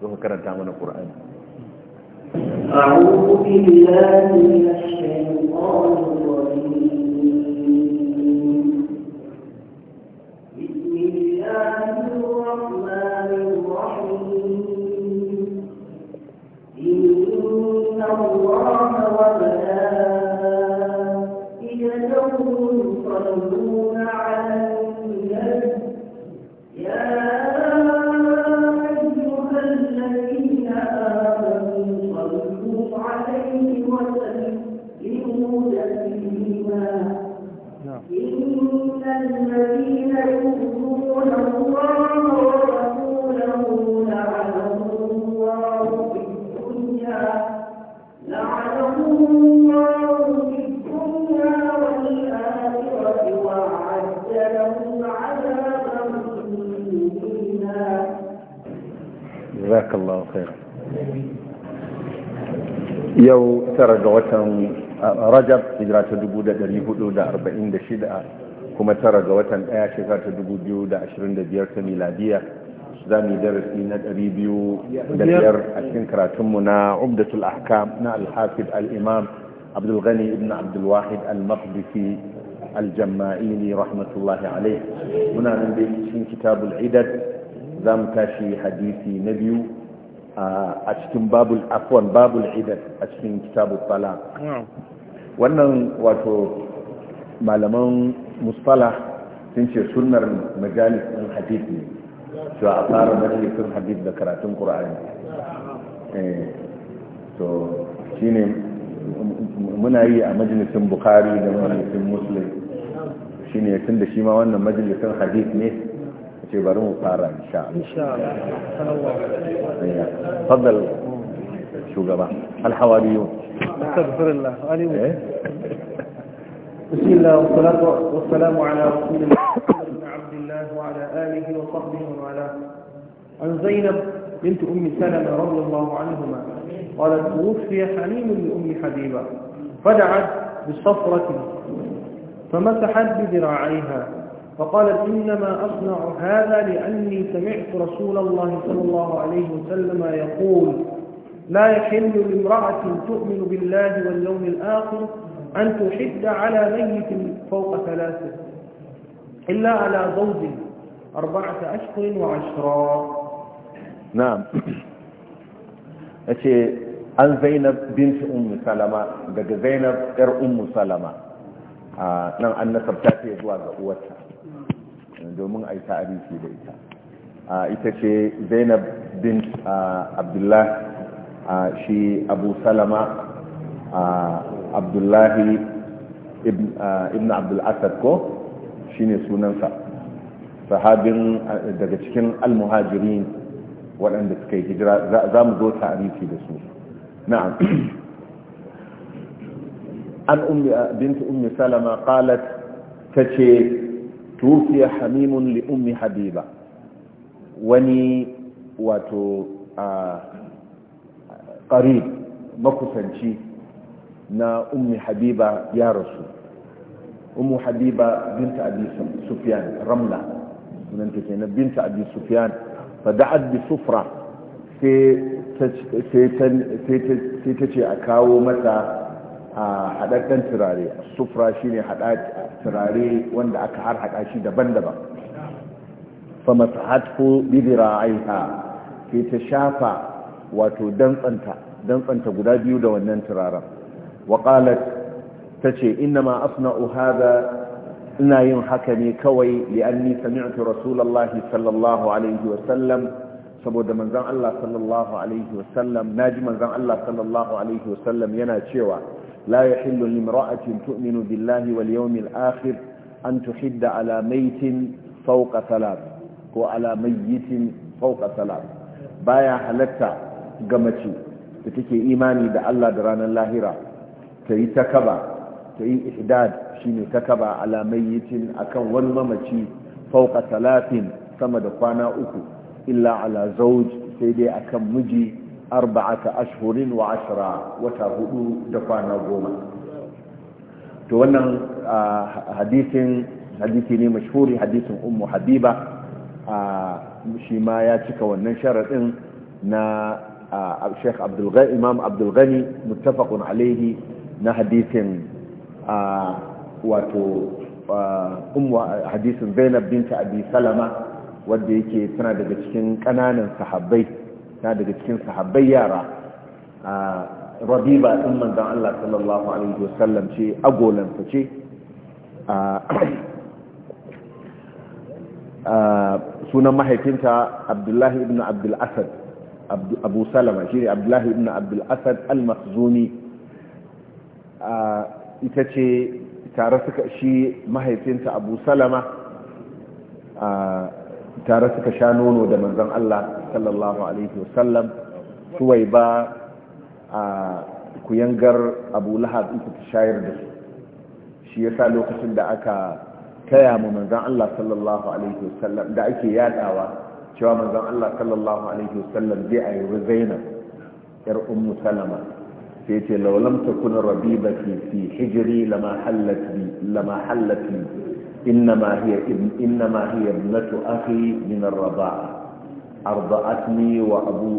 don karanta mana ƙura'ani بسم الله الرحمن yau tara ga watan rajab hijira ta 446 kuma tara ga watan daya shekara ta 2025 ta miladiya za mu darasi na 205 a cikin karatunmu na umdatul ahkam na alhafid imam abdulghani ibn abdulwahid al-maqdisi al-jamma'ini rahmatullahi alaihi muna nan da cikin kitabul idad za mu tashi hadisi na biyu a cikin babul afwan babul idan a cikin kitabul fala wannan wato malaman musfala sun ce sunar majalis hadith ne to a fara majalisun hadith da karatun ƙura'ani to shi ne muna yi a majalisun bukari da majalisun musulun shi ne tun da shi ma wannan majalisun hadith ne إن شاء الله إن شاء الله إيه. تفضل شو faddal الحواليون أستغفر الله أليم إيه؟ بسم الله والصلاة والسلام على رسول الله بن عبد الله وعلى آله وصحبه وعلى عن زينب بنت أم سلمة رضي الله عنهما قالت توفي حليم لأم حبيبة فدعت بالصفرة فمسحت بذراعيها فقالت إنما أصنع هذا لأني سمعت رسول الله صلى الله عليه وسلم يقول لا يحل لامرأة تؤمن بالله واليوم الآخر أن تحد على ميت فوق ثلاثة إلا على زوج أربعة أشهر وعشرا نعم أشي عن زينب بنت أم سلمة دق زينب إر أم سلمة آه، نعم أن نسبتاتي إذوا قوتها domin a yi ta'arifi da ita ita ce zainab bin abdullah shi abu salama abdullahi ibn abdullasad ko shi ne sunansa sahabin daga cikin almuhajirin waɗanda suka yi hijira za mu zo ta'arifi da su na'am an ummi binta ummi salama qalat tace tufiya hamimun li ummi habiba wani wato a qarib makusanci na ummi habiba ya rasu ummu habiba binta abi sufyan ramla sunanta take binta abi sufyan fa da'at bi sufra sai ta ce a kawo mata a haɗaɗɗen turare sufra shi ne turare wanda aka har haɗa shi daban-daban fama sahatko bidira aiha ke ta shafa wato dantsanta dantsanta guda biyu da wannan turaren waƙalat ta ce ina ma asna'u haza ina yin haka ne kawai li'anni sami'tu rasulallahi sallallahu alaihi wasallam saboda manzan Allah sallallahu alaihi wasallam ji manzan Allah sallallahu alaihi wasallam yana cewa لا يحل لامرأة تؤمن بالله واليوم الآخر أن تحد على ميت فوق ثلاث وعلى ميت فوق ثلاث بايا حلتا قمتي تتكي إيماني دا الله دران اللاهرة تي تكبا تي إحداد شيني تكبا على ميت أكون والممتي فوق ثلاث سمد قانا أكو إلا على زوج سيدي أكم مجي arba'ata ashhurin wa ashra wata hudu da kwana goma to wannan hadisin hadisi ne mashhuri hadisin ummu habiba shi ma ya cika wannan sharadin na Sheikh Abdul Imam Abdul gani muttafaqun alayhi na hadisin wato hadisin Zainab binta Abi Salama wanda yake tana daga cikin kananan sahabbai na daga cikin sahabbai yara a rabiba ɗin manzan Allah sallallahu alaihi wasallam ce agolanta ce a sunan mahaifinta abdullahi ibn abdullasad abu salama shi ne abdullahi ibn abdullasad al-makhzumi ita ce tare suka shi mahaifinta abu salama tare suka sha nono da manzon Allah sallallahu alaihi wasallam suwai ba a yangar Abu Lahab ita ta shayar da su shi yasa lokacin da aka taya mu manzon Allah sallallahu alaihi wasallam da ake yadawa cewa manzon Allah sallallahu alaihi wasallam zai ayyuri Zainab yar Ummu Salama sai ce law lam takun rabibati fi hijri lama hallat bi lama hallat bi إنما هي إنما هي ابنة أخي من الرضاعة أرضعتني وأبو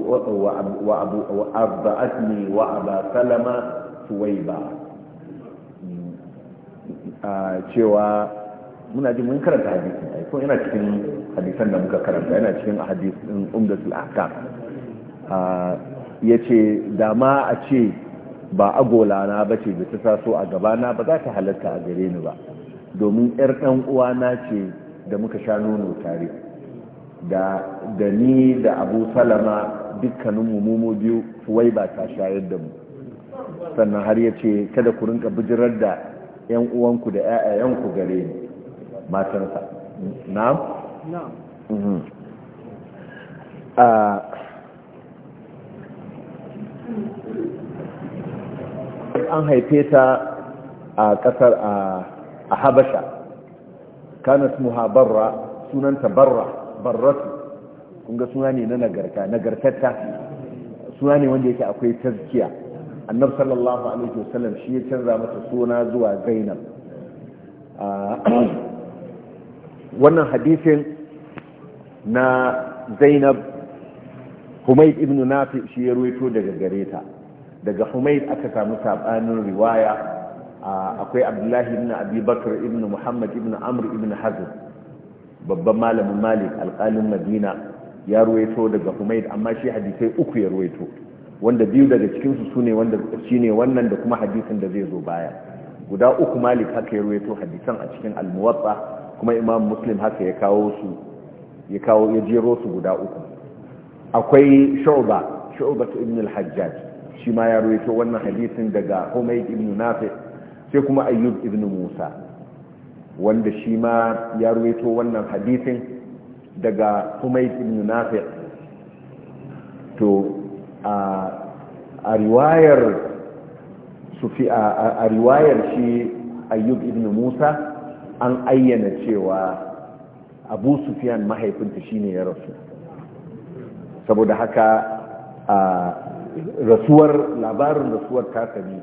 وأبو وأرضعتني وأبا سلمة سويبا cewa muna ji mun karanta hadisin ai ko yana cikin hadisan da muka karanta yana cikin hadisin umdatul ahkam ah, yace da ma a ce ba agolana bace da ta saso a na? ba za ta halatta a gare ni ba domin 'yar ɗan uwana ce da muka sha nono tare da ni da abu salama dukkanin mummumo biyu wai ba ta shayar da mu sannan har ya ce kada ku rinka bijirar da 'yan uwanku da 'ya'yayanku gare ni matansa na'am? na'am mhm. an haife ta a ƙasar a a habasha kanat muhabarra barra sunanta barra barratu kunga suna ne na nagarta nagartatta suna ne wanda yake akwai tazkiya annab sallallahu alaihi wasallam shi ya canza masa suna zuwa zainab ah, wannan hadisin na zainab humaid ibnu nafi shi ya ruwaito daga gareta daga humaid aka samu sabanin riwaya akwai abdullahi ibn abi bakar ibn muhammad ibn amr ibn hazm babban malamin malik alƙalin madina ya ruwaito daga humaid amma shi hadisai uku ya ruwaito wanda biyu daga cikinsu su ne wanda shine wannan da kuma hadisin da zai zo baya guda uku malik haka ya ruwaito hadisan a cikin almuwatsa kuma imam muslim haka ya kawo su ya kawo ya jero su guda uku akwai shu'ba shu'ba ibn al-hajjaj shi ma ya ruwaito wannan hadisin daga humaid ibn nafi' sai kuma ayyub ibn musa wanda shi ma ya ruwaito wannan hadisin daga humayt ibn nafi to a riwayar sufi a riwayar shi ayyub ibn musa an ayyana cewa abu sufiyan mahaifinta shine ya rasu saboda haka a rasuwar labarin rasuwar takami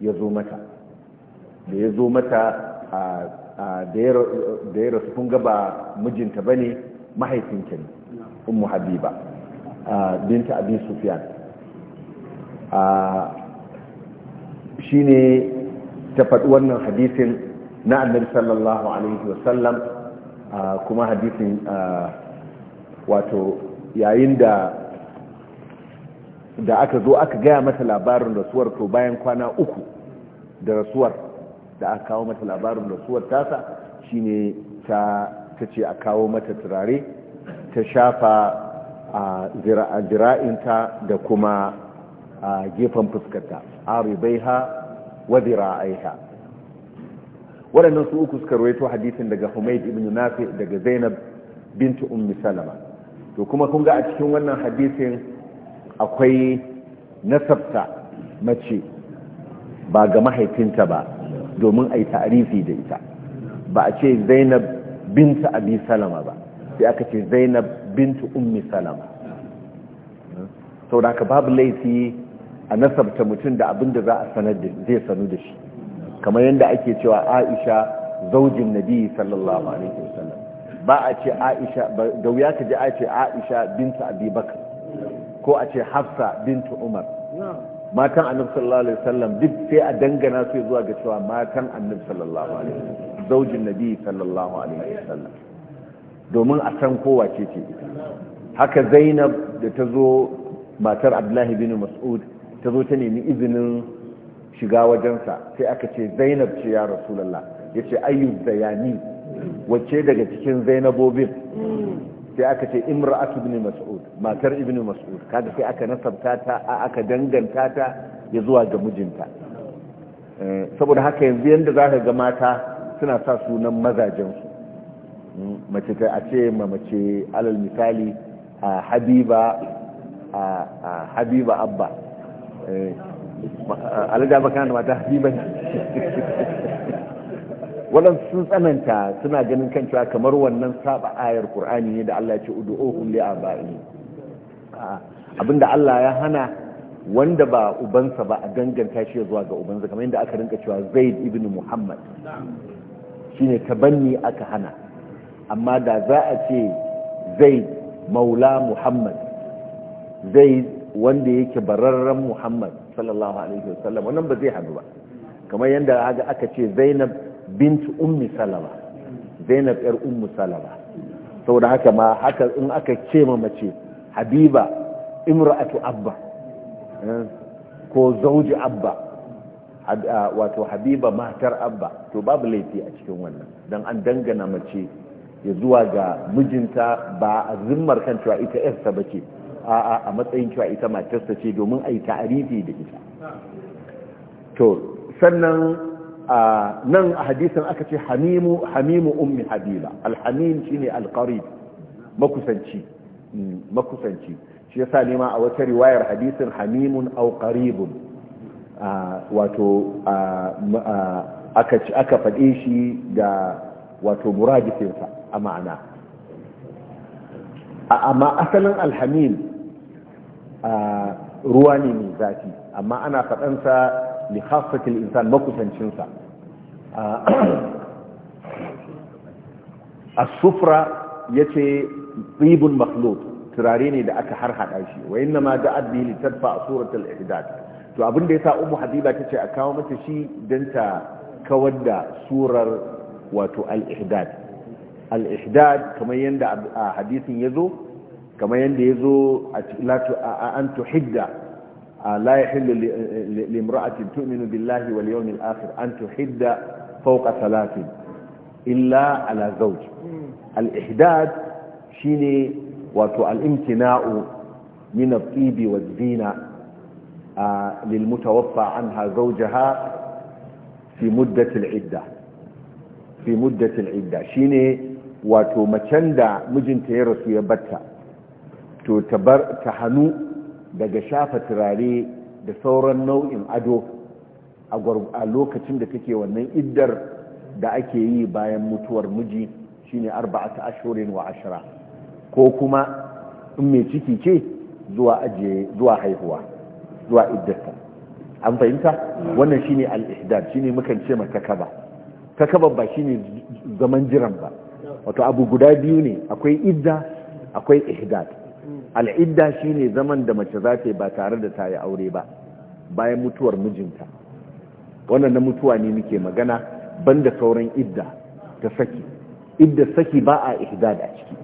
ya zo mata da ya zo mata da ya rasu kun gaba mijinta ba ne mahaifinta ne habiba binta abin sufiyan shi ne ta faɗi wannan hadisin na annabi sallallahu alaihi wasallam kuma hadisin wato yayin da da aka zo aka gaya mata labarin rasuwar to bayan kwana uku da rasuwar da aka kawo mata labarin rasuwar tasa shine ta ce a kawo mata turare ta shafa a zira'inta da kuma a gefen fuskarta ha wa ha waɗannan su uku suka rawaito hadisin daga humaid ibn Nafi daga Zainab bintu Ummi Salama to kuma kun ga a cikin wannan hadisin akwai nasabta mace ba ga mahaifinta ba domin a yi ta'arifi da ita ba a ce zainab binta abi salama ba sai aka ce zainab binta ummi salama sau da aka babu laifi a nasabta mutum da abin da za a sanar da zai sanu da shi kamar yadda ake cewa aisha zaujin nabi sallallahu alaihi wasallam ba a ce aisha da wuya ka ji a ce aisha binta ko a ce hafsa binta umar matan annabi sallallahu alaihi wasallam duk sai a dangana su zuwa ga cewa matan annabi sallallahu alaihi wasallam zaujin nabi sallallahu alaihi wasallam domin a san kowa ce ce haka zainab da ta zo matar abdullahi bin mas'ud ta zo ta nemi izinin shiga wajensa sai aka ce zainab ce ya rasulullah ya ce ayyub zayani wacce daga cikin zainabobin sai aka ce imra'atu ibn mas'ud matar ibini mas'ud kaga sai aka nasabta ta aka danganta ta ya zuwa ga mijinta eh, saboda haka yanzu yadda za ka ga mata suna sa sunan mazajensu hmm, mace ta a ce ma mace alal misali a habiba a habiba abba eh, alaja da mata habiba waɗansu sun tsananta suna ganin kan cewa kamar wannan saba ayar qur'ani ne da Allah ya ce ud'uhum li abaihim abinda Allah ya hana wanda ba ubansa ba a ganganta shi zuwa ga ubansa kamar yadda aka rinka cewa Zaid ibn Muhammad shine tabanni aka hana amma da za a ce Zaid maula Muhammad Zaid wanda yake bararren Muhammad sallallahu alaihi wasallam wannan ba zai hadu ba kamar yadda aka ce Zainab bint ummi salama zainab yar ummu salama saboda haka ma haka in aka ce ma mace habiba imra'atu abba eh, ko zauji abba ah, wato habiba matar abba to babu laifi a cikin wannan don an dangana mace ya zuwa ga mijinta ba a zimmar kan cewa ita yarsa ba ce a matsayin cewa ita matarsa ce domin a yi ta'arifi da ita to sannan a nan a hadisin aka ce hamimu hamimu ummi habila alhamim shine alqarib makusanci makusanci shi yasa ne ma a wata riwayar hadisin hamimun aw qaribun wato aka faɗi aka fade shi ga wato muradisin sa a ma'ana amma asalin alhamim ruwa ne mai zafi amma ana faɗansa li khassatil insan makusancinsa as-sufra yace tsibin makhluq turare ne da aka harhaɗa shi wa inna ma da'at bihi litadfa suratul ihdad to abin da yasa ummu habiba tace a kawo mata shi dan ta kawar da surar wato al-ihdad al-ihdad kamar yanda a hadisin yazo kamar yanda yazo a an tuhidda لا يحل لامرأة تؤمن بالله واليوم الآخر أن تحد فوق ثلاث إلا على زوج الإحداد شيني وتو الامتناء من الطيب والزينة آه، للمتوفى عنها زوجها في مدة العدة في مدة العدة شيني وتو مچندا مجنتي رسو يبتا تو تبر تحنو daga shafa turare da sauran nau'in ado a lokacin da take wannan iddar da ake yi bayan mutuwar miji shine arba'ata ashurin wa ashira ko kuma in mai ciki ce zuwa ajiye zuwa haihuwa zuwa iddarta an fahimta wannan shine al-ihdad shine mukan ce maka kaba takaba ba shine zaman jiran ba wato abu guda biyu ne akwai idda akwai ihdad al'idda shine zaman da mace za ta yi ba tare da ta yi aure ba bayan mutuwar mijinta wannan na mutuwa ne muke magana ban da sauran idda ta saki idda saki ba a ihdad a ciki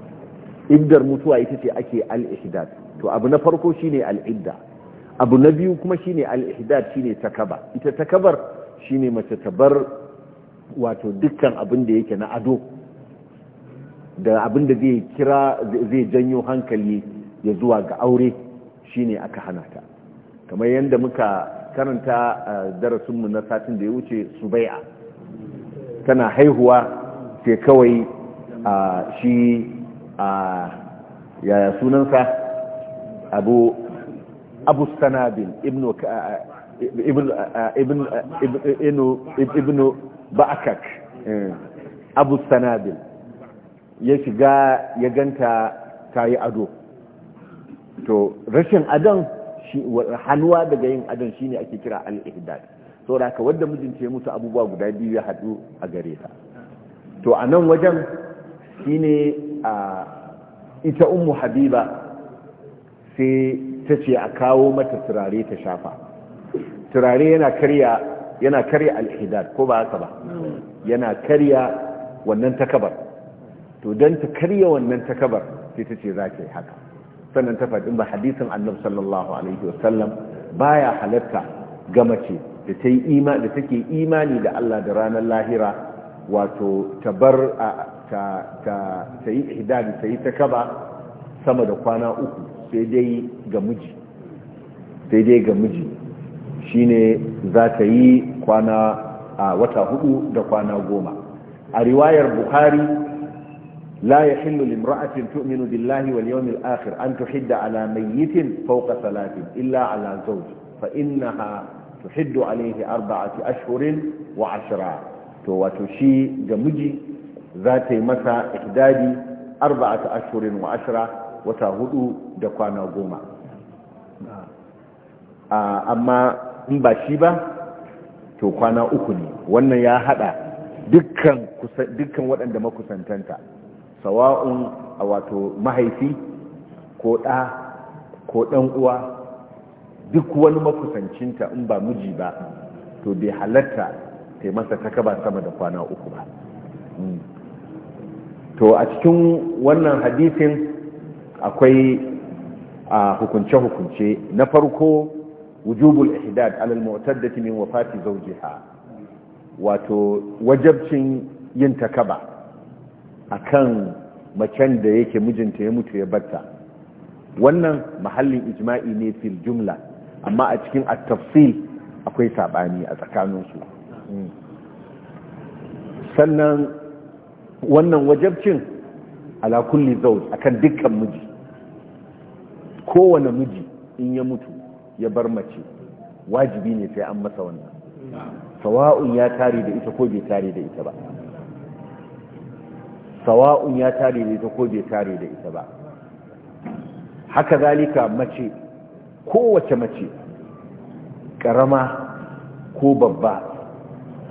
iddar mutuwa ita ce ake al'ihdad to abu na farko shine ne al’idda abu na biyu kuma shine al'ihdad shi shine takaba ita takabar shine mace ta bar wato dukkan abin da yake na ado da abin da zai kira zai janyo hankali ya zuwa ga aure shine aka hana ta kamar yadda muka karanta darasinmu na satin da ya wuce subai'a tana haihuwa sai kawai shi yaya sunansa abu abu Sanabin Ibn ibn ba'akak eh, abu Sanabin ya shiga ya ganta ta yi ado to rashin adon hannuwa daga yin adon shine ake kira al-ihdad da ka wanda mijinta ya mutu abubuwa guda biyu ya hadu a gare ta to a nan wajen shine a ita ummu habiba sai ta ce a kawo mata turare ta shafa turare yana karya yana karya al-ihdad ko ba haka ba yana karya wannan takabar to don ta karya wannan takabar sai ta ce za ta yi haka sannan ta faɗin ba hadisin annabi sallallahu alaihi wasallam baya halatta ga mace da ta take imani da Allah da ranar lahira wato ta bar ta ta ta yi ta kaba takaba sama da kwana uku sai dai ga miji sai dai ga miji shine za ta yi kwana a wata hudu da kwana goma a riwayar buhari لا يحل لامرأة تؤمن بالله واليوم الآخر أن تحد على ميت فوق ثلاث إلا على زوج فإنها تحد عليه أربعة أشهر وعشرة وتشي جمجي ذات مسا إحدادي أربعة أشهر وعشرة وتهدو دقانا قوما أما مباشبة تقانا أكني وأن يا هذا dukkan waɗanda makusantanta sawa'un a wato mahaifi ko ɗa ko ɗan uwa duk wani makusancinta in ba miji ba to bai halatta ta yi masa takaba sama da kwana uku ba mm. to a cikin wannan hadisin akwai a hukunce-hukunce na farko wujubul ihdad alal mu'taddati min wafati zawjiha wato wajabcin yin takaba akan macen da yake mijinta ya mutu ya batta wannan mahallin ijma'i ne fil jumla amma a cikin attafsil akwai sabani a tsakaninsu hmm. sannan wannan wajabcin ala kulli zawj akan dukkan miji kowane miji in ya mutu ya bar mace wajibi ne sai an masa wannan sawa'un ya tare da ita ko bai tare da ita ba sawa'un ya tare da ita ko bai tare da ita ba haka zalika mace kowace mace karama ko babba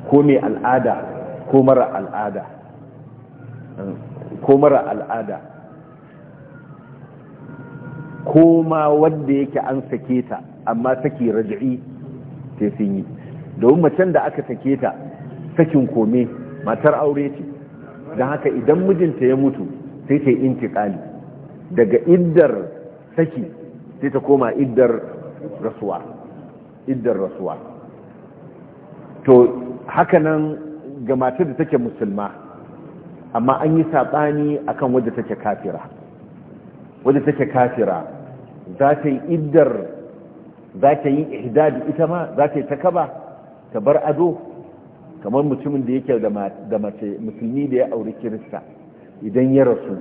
ko mai al'ada ko mara al'ada ko mara al'ada ko ma wanda yake an sake ta amma saki raj'i sai sun yi domin macen da aka sake ta sakin kome matar aure ce da haka idan mijinta ya mutu sai ta yi intikali daga iddar saki sai ta koma iddar rasuwa iddar rasuwa to nan ga matar da take musulma amma an yi saɓani akan wadda take kafira wadda take kafira za ta yi iddar za ta yi ihdadi ita ma za ta yi takaba ta bar ado kamar mutumin da yake da mace musulmi da ya auri kirista idan ya rasu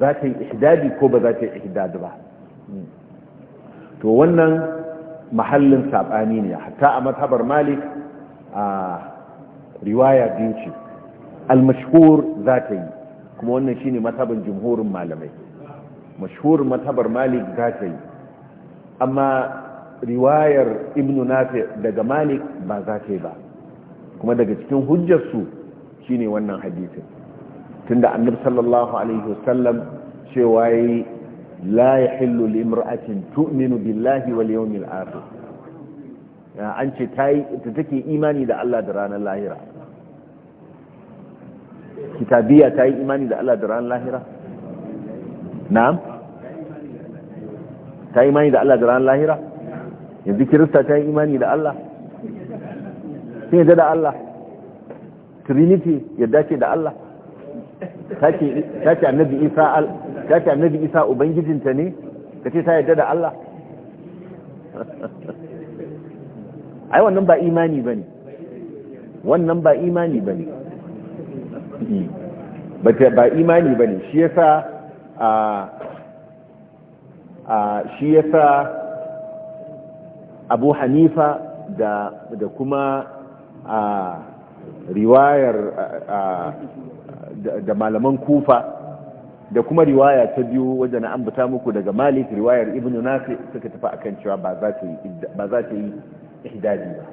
za ta yi ihdadi ko ba za ta yi ihdadi ba hmm. to wannan mahallin saɓani ne hatta a mazhabar malik a riwaya biyu ce almashhur za ta yi kuma wannan shine mazhaban jumhurin malamai mashhur mazhabar malik za ta yi amma riwayar ibnu nafi daga malik ba za ta yi ba kuma daga cikin hujjarsu shi ne wannan hadisin tunda annabi sallallahu alaihi wasallam cewa yi la yahillu limra'atin tu'minu billahi wal yawmil akhir an ce ta yi ta take imani da Allah da ranar lahira kitabiya tayi imani da Allah da ranar lahira na'am tayi imani da Allah da ranar lahira yanzu kirista tayi imani da Allah sun yadda da Allah trinity yadda ke da Allah ta ce annabi isa ubangijinta ne ka ce ta yadda da Allah ai wannan ba imani ba ne wannan ba imani ba ne ba imani ba ne shi ya sa a shi ya sa abu hanifa da kuma a riwayar da malaman kufa da kuma riwaya ta biyu wajen na ambata muku daga malik riwayar ibn nafi suka tafi akan cewa ba za ta yi ihdadi ba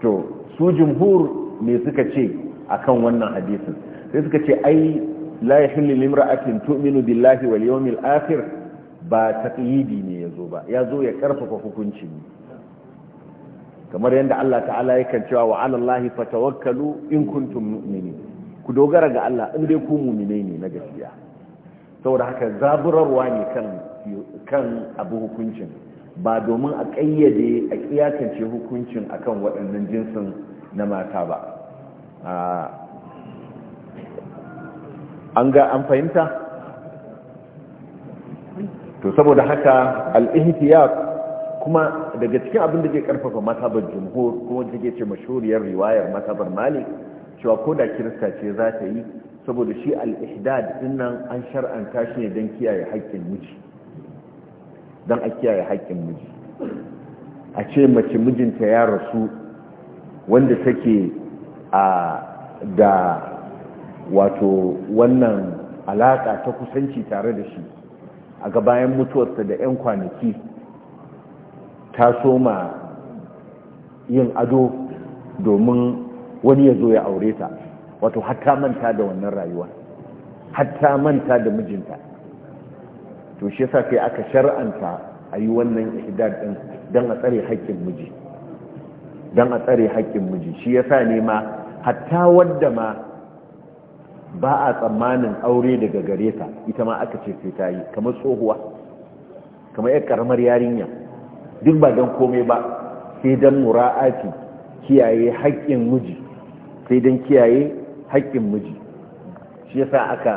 to su jumhur ne suka ce akan wannan hadisin sai suka ce ai la a limra'atin tu'minu billahi wal yawmil akhir ba taqyidi ne ya zo ba ya zo ya karfafa hukuncin ne kamar yadda Allah ta'ala ya kan cewa wa alallahi fa tawakkalu in kuntum mu'minin ku dogara ga Allah in dai ku mu'mine ne na gaskiya saboda haka zaburarwa ne kan kan abu hukuncin ba domin a kayyade a kiyatance hukuncin akan waɗannan jinsin na mata ba an ga an fahimta to saboda haka al-ihtiyat kuma daga cikin abin da ke karfafa masabar jumhur kuma da ke ce mashuriyar riwayar masabar malik cewa ko da kirista ce za ta yi saboda shi al-ihdad dinnan an shar'anta shi ne don kiyaye haƙƙin miji don a kiyaye haƙƙin miji a ce mace mijinta ya rasu wanda take a da wato wannan alaƙa ta kusanci tare da shi a gabayan mutuwarsa da 'yan kwanaki ta soma yin ado domin wani ya zo ya aure ta wato hatta manta da wannan rayuwa hatta manta da mijinta to shi yasa sai aka shar'anta a yi wannan ihdad din don a tsare haƙƙin miji don a tsare haƙƙin miji shi yasa ne ma hatta wadda ma ba a tsammanin aure daga gare ta ita ma aka ce sai ta yi kamar tsohuwa kamar yar ƙaramar yarinya duk ba don komai ba sai don muraafi kiyaye haƙƙin miji sai don kiyaye haƙƙin miji shi yasa aka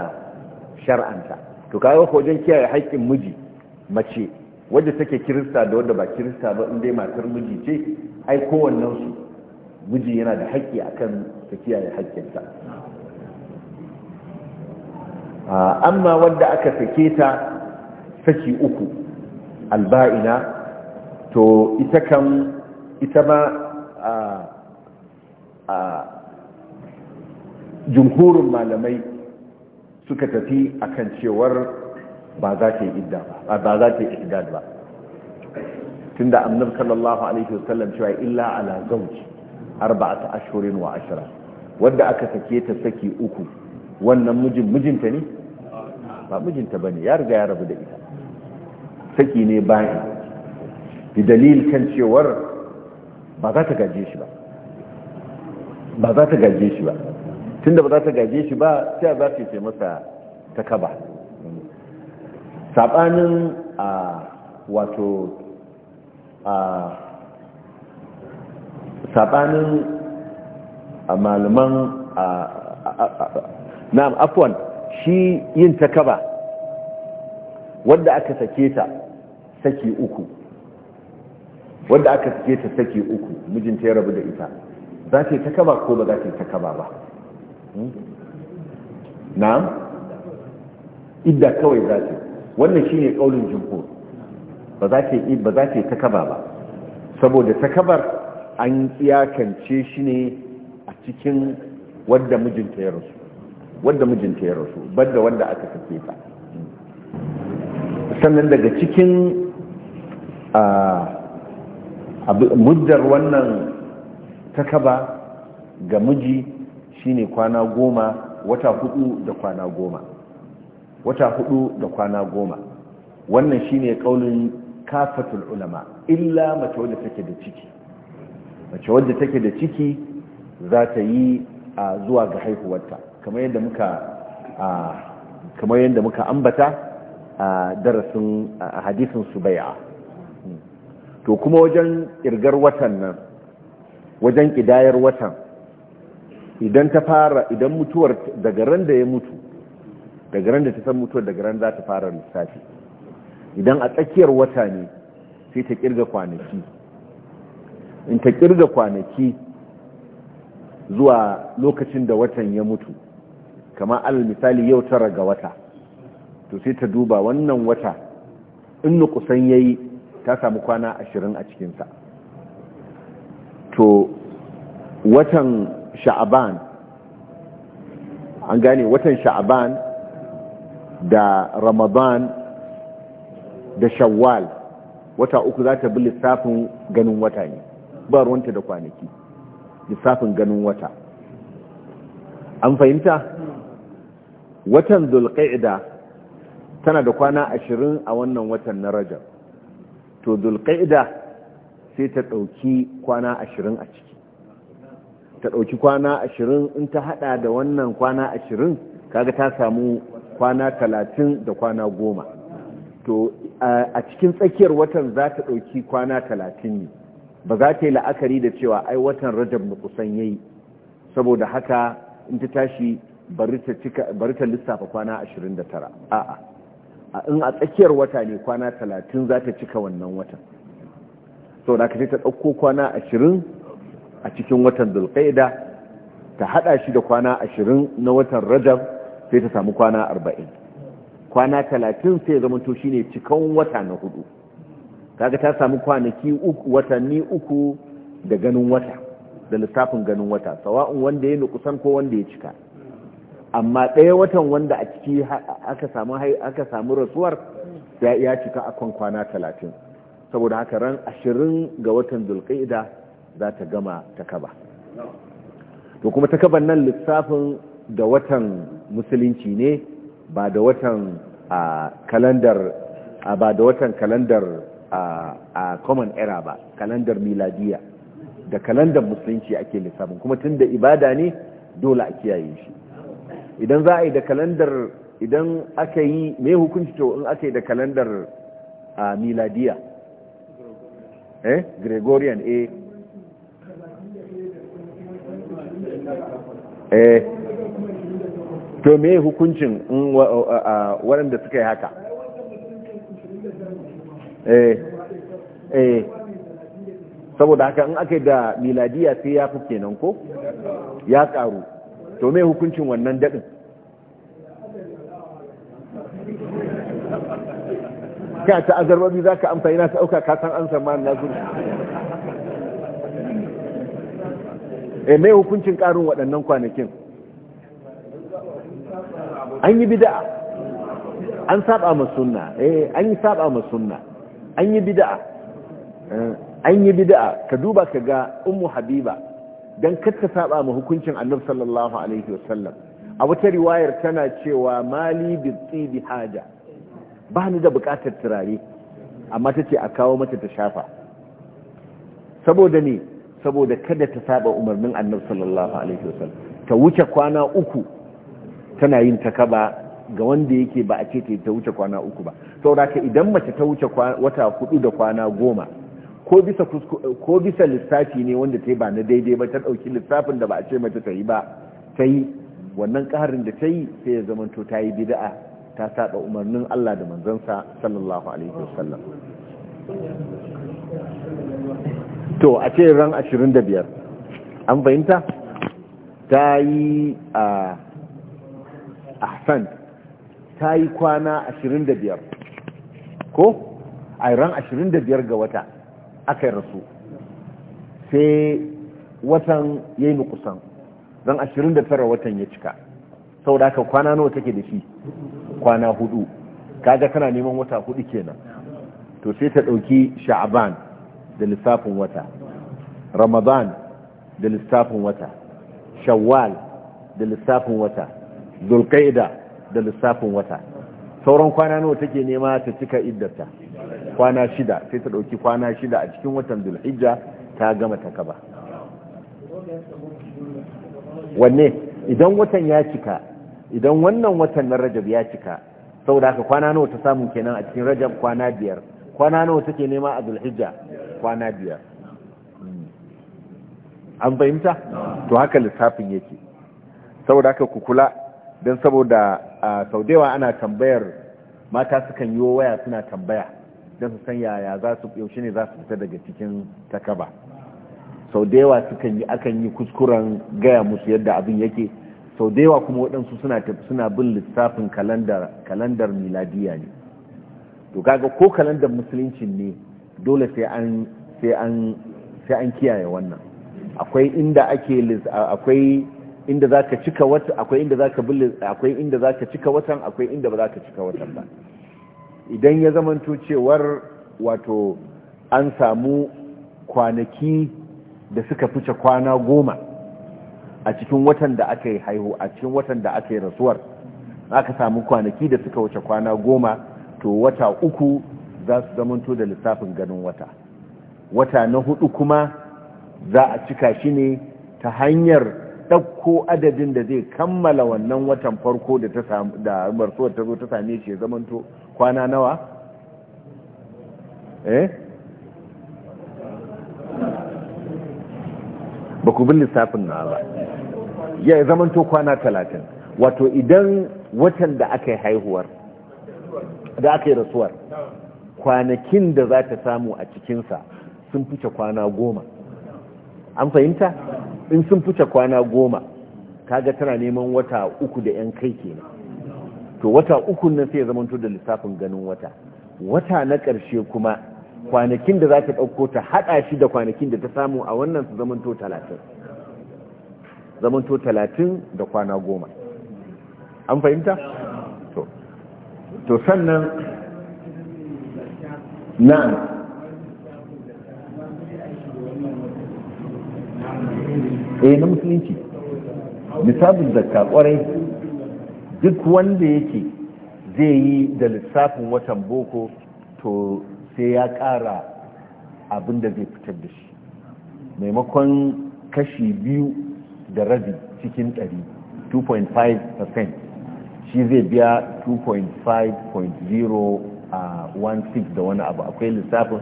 shar'anta to wa wajen kiyaye haƙƙin miji mace wadda take kirista da wadda ba kirista ba inda matar miji ce ai kowannensu miji yana da haƙƙi akan ta kiyaye haƙƙinta ah, amma wadda aka sake ta saki uku alba'ina to ita kan ita ma a a jumhurin malamai suka tafi akan cewar ba za ta yi idda ba ba za ta yi idda ba tunda annab sallallahu alaihi wasallam cewa illa ala zawji arba'ata ashhurin wa ashra wanda aka sake ta saki uku wannan mijin mijinta ne ba mijinta bane ya riga ya rabu da ita saki ne bayan da dalil kan cewar ba za ta gaje shi ba ba za ta gaje shi ba tun da ba za ta gaje shi ba sai za ta ce masa ta kaba saɓanin a wato a saɓanin a malaman na'am afwan shi yin ta kaba wadda aka sake ta saki uku wanda aka sake ta sake uku mijinta ya rabu da ita za ta yi takaba ko ba za ta yi takaba ba hmm? Na idda kawai za ta wannan shi ne jumhur ba za ta yi ba za ta yi takaba ba saboda takabar an iyakance shi ne a cikin wadda mijinta ya rasu wadda mijinta ya rasu banda wanda aka sake ta sannan daga cikin a ah, muddar wannan takaba ga miji shine kwana goma wata hudu da kwana goma wata hudu da kwana goma wannan shine kaulin kafatul ulama illa mace wadda take da ciki mace wadda take da ciki za ta yi a zuwa ga haihuwarta kamar yadda muka kamar yadda muka ambata a darasin hadisin subai'a to kuma wajen kirgar watan nan wajen kidayar watan idan ta fara idan mutuwar daga ran da ya mutu daga ran da ta san mutuwar daga ran za ta fara lissafi idan a tsakiyar wata ne sai ta kirga kwanaki in ta kirga kwanaki zuwa lokacin da watan ya mutu kama alal misali yau tara ga wata to sai ta duba wannan wata in nukusan yi. ta samu kwana ashirin a cikinsa to watan sha'aban an gane watan sha'aban da ramadan da shawwal wata uku za ta bi lissafin ganin wata ne ba ruwanta da kwanaki lissafin ganin wata an fahimta watan zulqa'ida tana da kwana ashirin a wannan watan na rajab to dulƙa'ida sai ta ɗauki kwana ashirin a ciki ta ɗauki kwana ashirin in ta haɗa da wannan kwana ashirin kaga ta samu kwana talatin da kwana goma to a cikin tsakiyar watan za ta ɗauki kwana talatin ne ba za ta yi la'akari da cewa ai watan rajab mu kusan yayi saboda haka in ta tashi bari ta lissafa kwana ashirin da tara a'a in a tsakiyar wata ne kwana talatin za ta cika wannan watan sau da kashe ta ɗauko kwana ashirin a cikin watan dulkaida ta haɗa shi da kwana ashirin na watan rajab sai ta samu kwana arba'in kwana talatin sai zama to shi ne cikan wata na hudu kaga ta samu kwanaki uku watanni uku da ganin wata da lissafin ganin wata sawa'un wanda ya nukusan ko wanda ya cika amma ɗaya watan wanda a ciki aka samu aka samu rasuwar ya iya cika kan kwana talatin saboda haka ran ashirin ga watan zulƙa'ida za ta gama ta kaba to kuma ta kaba nan lissafin da watan musulunci ne ba da watan a kalandar ba da watan kalandar a common era ba kalandar miladiya da kalandar musulunci ake lissafin kuma tun da ibada ne dole a kiyaye shi idan za a yi da kalandar idan aka yi mai hukunci to in aka yi da kalandar a miladiya eh gregorian eh eh to mai hukuncin waɗanda suka yi haka eh eh saboda haka in aka yi da miladiya sai ya fi kenan ko ya karu to me hukuncin wannan daɗin ka ta azarbabi za ka amfani na sauka ka san an sama na zuru e eh, me hukuncin ƙarin waɗannan kwanakin an yi bida'a an saba ma sunna eh an yi saba ma sunna an yi bida'a eh, an yi bida'a ka duba ka ga ummu habiba don katta saba ma hukuncin annabi sallallahu alaihi wasallam a wata riwayar tana cewa mali bi tsibi haja ba ni da bukatar turare amma ta ce a kawo mata ta shafa saboda ne saboda kada ta saba umarnin annabi sallallahu alaihi wasallam ta wuce kwana uku tana yin takaba ga wanda yake ba a ce ta wuce kwana uku ba saboda idan mace ta wuce wata hudu da kwana goma ko bisa lissafi ne wanda ta yi ba na daidai ba ta ɗauki lissafin da ba a ce mata ta yi ba ta yi wannan ƙaharin da ta yi sai ya zamanto ta yi bida'a ta saɗa umarnin Allah da manzansa sallallahu alaihi wasallam to a ce ran 25 an fahimta ta yi a ahsan ta yi kwana 25 ko a ran 25 ga wata aka yi rasu sai watan ya yi nukusan don tara watan ya cika sau da aka kwana nawa take da shi kwana hudu kaga kana neman wata hudu kenan to sai ta ɗauki sha'aban da lissafin wata ramadan da lissafin wata shawwal da lissafin wata zulkaida da lissafin wata sauran kwana nawa take nema ta cika iddarta kwana shida sai ta ɗauki kwana shida a cikin watan dulhijja ta gama ta kaba wanne idan watan ya cika idan wannan watan na rajab ya cika saboda haka kwana nawa ta samu kenan a cikin rajab kwana biyar kwana nawa take nema a dulhijja kwana biyar an fahimta to haka lissafin yake saboda haka ku kula don saboda ah, sau ana tambayar mata sukan yi waya suna tambaya don su san yaya za su yaushe ne za su fita daga cikin takaba sau da yawa sukan yi akan yi kuskuren gaya musu yadda abin yake sau da yawa kuma waɗansu suna tafi suna bin lissafin kalandar miladiya ne to kaga ko kalandar musulunci ne dole sai an sai an sai an kiyaye wannan akwai inda ake akwai inda zaka cika wata akwai inda zaka bin akwai inda zaka cika watan akwai inda ba zaka cika watan ba idan ya zamanto cewar wato an samu kwanaki da suka fice kwana goma a cikin watan da aka yi haihu a cikin watan da aka yi rasuwar aka samu kwanaki da suka wuce kwana goma to wata uku za su zamanto da lissafin ganin wata wata na hudu kuma za a cika shi ne ta hanyar ɗauko adadin da zai kammala wannan watan farko da ta samu da marsuwar ta zo ta same shi ya zamanto kwana nawa eh ba ku bin lissafin na ba ya zamanto kwana talatin wato idan watan da aka yi haihuwar da aka yi rasuwar kwanakin da za ta samu a cikinsa sun fice kwana goma an fahimta in sun fice kwana goma kaga tana neman wata uku da 'yan kai kenan to wata uku nan sai ya zamanto da lissafin ganin wata wata na ƙarshe kuma kwanakin da za ta ɗauko ta haɗa shi da kwanakin da ta samu a wannan su zamanto talatin zamanto talatin da kwana goma an fahimta? to sannan na eh na musulunci misalin zakka kwarai duk wanda yake zai yi da lissafin watan boko to sai ya ƙara abin da zai fitar da shi maimakon kashi biyu da rabi cikin ɗari 2.5% shi zai biya 2.5.016 da wani abu akwai lissafin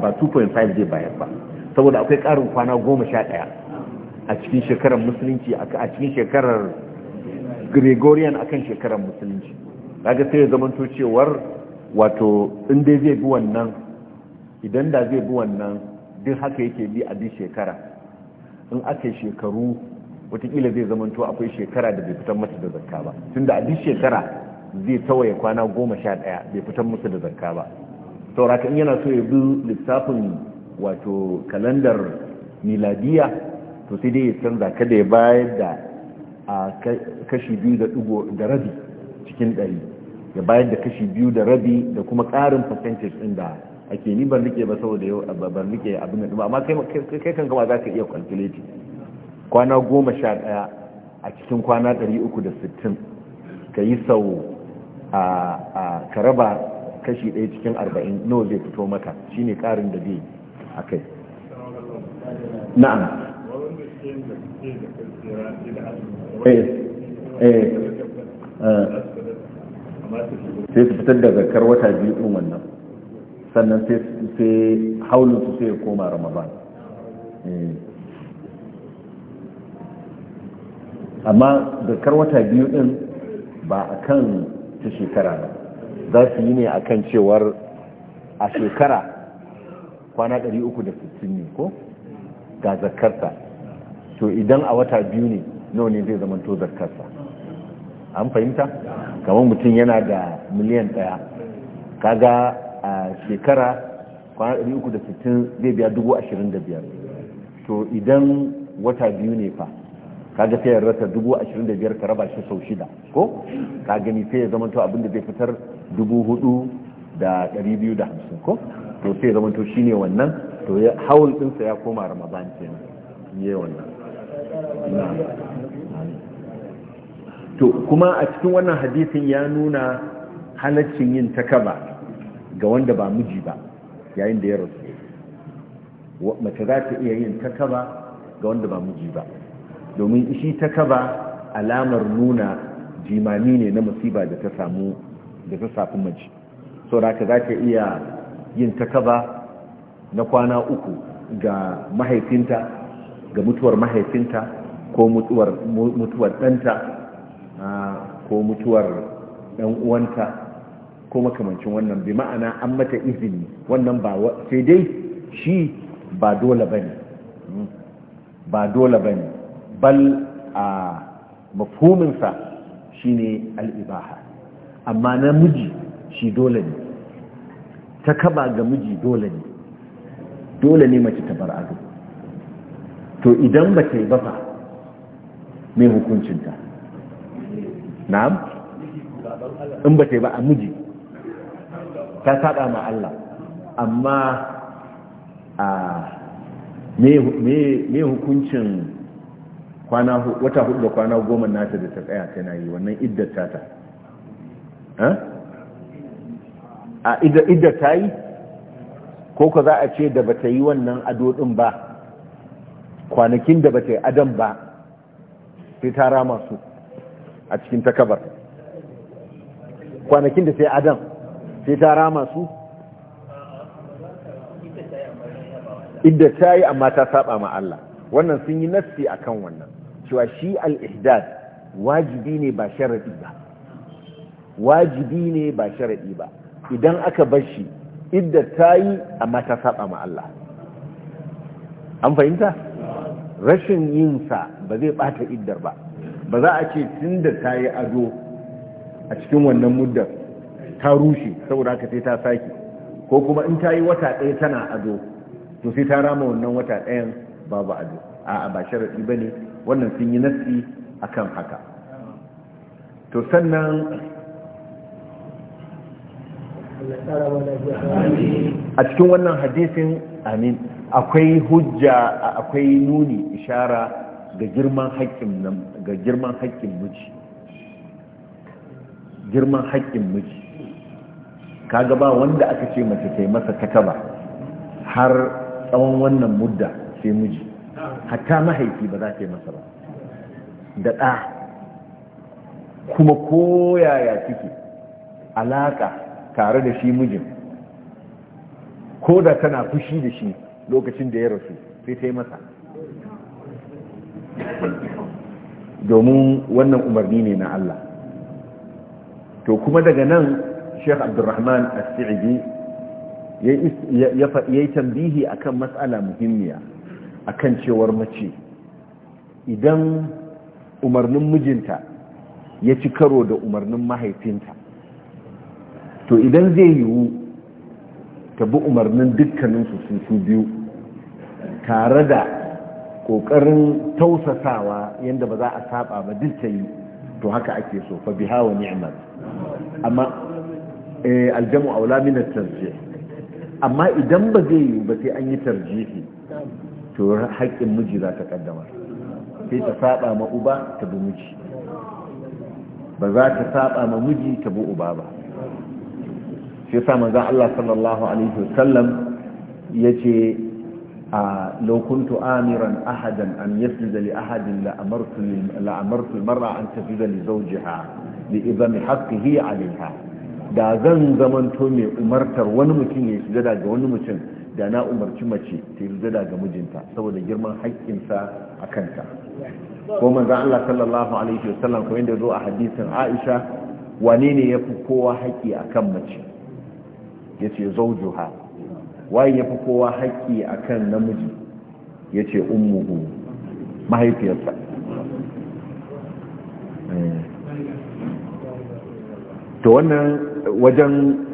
ba 2.5 zai bayar ba saboda akwai ƙarin kwana goma sha ɗaya a cikin shekarar musulunci a cikin shekarar gregorian a kan shekarar musulunci daga sai ya zamanto cewar wato inda zai bi wannan idan da zai bi wannan duk haka yake bi a bi shekara in aka yi shekaru watakila zai zamanto akwai shekara da bai fitan masa da zarka ba tun da a duk shekara zai tawaye kwana goma sha ɗaya bai fitar musu da zakka ba sauraka yana so ya bi lissafin wato kalandar miladiya to sai dai ya canza kada ya bayar da a kashi biyu da dugo da rabi cikin ɗari ya bayar da kashi biyu da rabi da kuma ƙarin percentage ɗin da ake ni ban nike ba saboda yau ban nike abin da amma kai kan gama za ka iya calculate kwana goma sha ɗaya a cikin kwana ɗari uku da sittin ka yi sau a ka raba kashi ɗaya cikin arba'in nawa zai fito maka shine ƙarin da zai a kai na'am eh, eh, eh. sai su fitar da kar wata biyu ɗin wannan sannan sai su sai koma ramadan amma kar wata biyu din ba a kan ta shekara ba za su yi ne a kan cewar a shekara kwana 360 ne ko ga zakarsa to idan a wata biyu ne nawa ne zai zama to zakarsa an fahimta kamar mutum yana da miliyan daya kaga a shekara kwana 360 zai biya biyar to idan wata biyu ne fa kaga sai ya rasa biyar ka raba shi sau shida ko ka gani sai ya zama to abinda zai fitar 4,000 da 250 ko to sai zama to shine wannan to ya haul sa ya koma ramadan kenan yayi wannan to kuma a cikin wannan hadisin ya nuna halaccin yin takaba ga wanda ba miji ba yayin da ya rasu mace za ta iya yin takaba ga wanda ba miji ba domin shi takaba alamar nuna jimami ne na musiba da ta samu da ta safi mace sauraka za ka iya yin takaba na kwana uku ga mahaifinta ga mutuwar mahaifinta ko mutuwar ɗanta ko mutuwar ɗan uwanta ko makamancin wannan bi ma'ana an mata izini wannan ba sai dai shi ba dole ba ne hmm. ba dole ba bal a mafhuminsa shine al'ibaha amma namiji shi dole ne ta kaba ga miji dole ne dole ne mace ta bar ado to idan ba ta yi ba fa mai hukuncinta na'am in ba ta yi ba a miji ta saba ma Allah amma a mai hukuncin kwana wata hudu da kwana goma nata da ta tsaya tana yi wannan iddar tata a idda ta yi ko ka za a ce da bata yi wannan ado din ba kwanakin da bata yi adam ba sai ta rama su a cikin takabar kwanakin da sai adam sai ta rama su idda ta yi amma ta saba ma Allah wannan sun yi nassi akan wannan cewa shi al-ihdad wajibi ne ba sharadi ba wajibi ne ba sharadi ba idan aka bar shi idda ta yi amma ta saba ma Allah an fahimta rashin sa ba zai bata iddar ba ba za a ce tun da ta yi ado a cikin wannan muddar ta rushe saboda haka sai ta sake ko kuma in ta yi wata ɗaya tana ado to sai ta rama wannan wata ɗayan babu ado a ba sharaɗi ba ne wannan sun yi nasi akan haka to sannan a cikin wannan hadisin amin akwai hujja akwai nuni ishara ga girman haƙƙin nan ga girman haƙƙin miji girman haƙƙin miji kaga ba wanda aka ce mace kai masa kataba har tsawon wannan mudda sai miji hatta mahaifi ba za ta yi masa ba da ɗa kuma koyaya ciki alaƙa tare da shi mijin ko da tana fushi da shi lokacin da ya rasu sai ta yi masa domin wannan umarni ne na Allah to kuma daga nan sheikh abdurrahman as-sa'idi ya yi tambihi akan matsala muhimmiya akan cewar mace idan umarnin mijinta ya ci karo da umarnin mahaifinta to idan zai yiwu ta bi umarnin dukkaninsu su su biyu tare da ƙoƙarin tausasawa yadda ba za a saba ba duk yi to haka ake so fa biha wa ni'mat amma eh, aljamu aula min at-tarjih amma idan ba zai yiwu ba sai an yi tarjihi to haƙƙin miji za ta kaddama sai ta saba ma uba ta bi miji ba za ta saba ma miji ta bi uba ba shi yasa manzon Allah sallallahu alaihi wasallam yace a law amiran ahadan an yasjuda zali ahadin la mara an tafi almar'a an tasjuda li zawjiha li idami haqqihi 'alayha da zan zamanto mai umartar wani mutum ya sujada daga wani mutum da na umarci mace ta yi sujada ga mijinta saboda girman haƙƙinsa a kanta ko manzan Allah sallallahu alaihi wasallam kuma yadda zo a hadisin Aisha wane ne ya fi kowa haƙƙi a kan mace yace zawjuha waye ya fi kowa haƙƙi akan namiji yace umuhu mahaifiyarsa to wannan wajen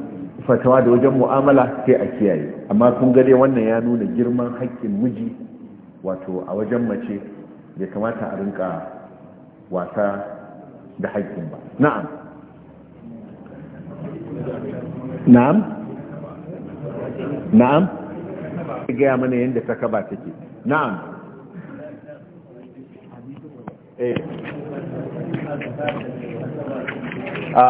fatawa da wajen mu'amala sai a kiyaye amma kun gare wannan ya nuna girman haƙƙin miji wato a wajen mace bai kamata a rinka wasa da haƙƙin ba na'am na'am na'am gaya mana yadda ta kaba take na'am a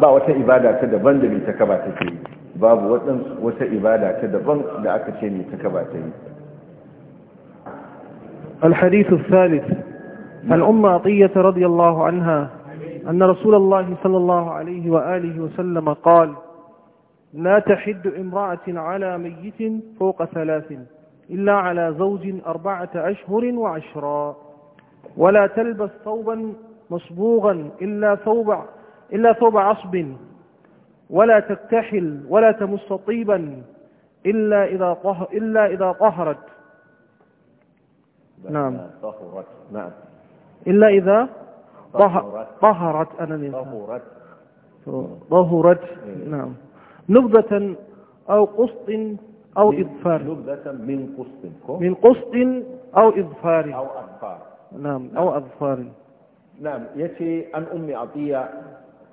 ba wata ibada ta daban da mai ta kaba take yi babu wata ibada ta daban da aka ce mai ta kaba ta yi الحديث الثالث عن أم عطية رضي الله عنها أن رسول الله صلى الله عليه وآله وسلم قال لا تحد امرأة على ميت فوق ثلاث إلا على زوج أربعة أشهر وعشرا ولا تلبس ثوبا مصبوغا إلا ثوب, إلا ثوب عصب ولا تكتحل ولا تمس طيبا إلا إذا, طهر إلا إذا طهرت نعم طهرت نعم إلا إذا طهرت طهرت أنا طهرت طهرت نعم نبذة أو قسط أو إظفار نبذة من قسط من قسط أو إظفار أو أظفار نعم, نعم. أو أظفار نعم يتي أن أمي عطية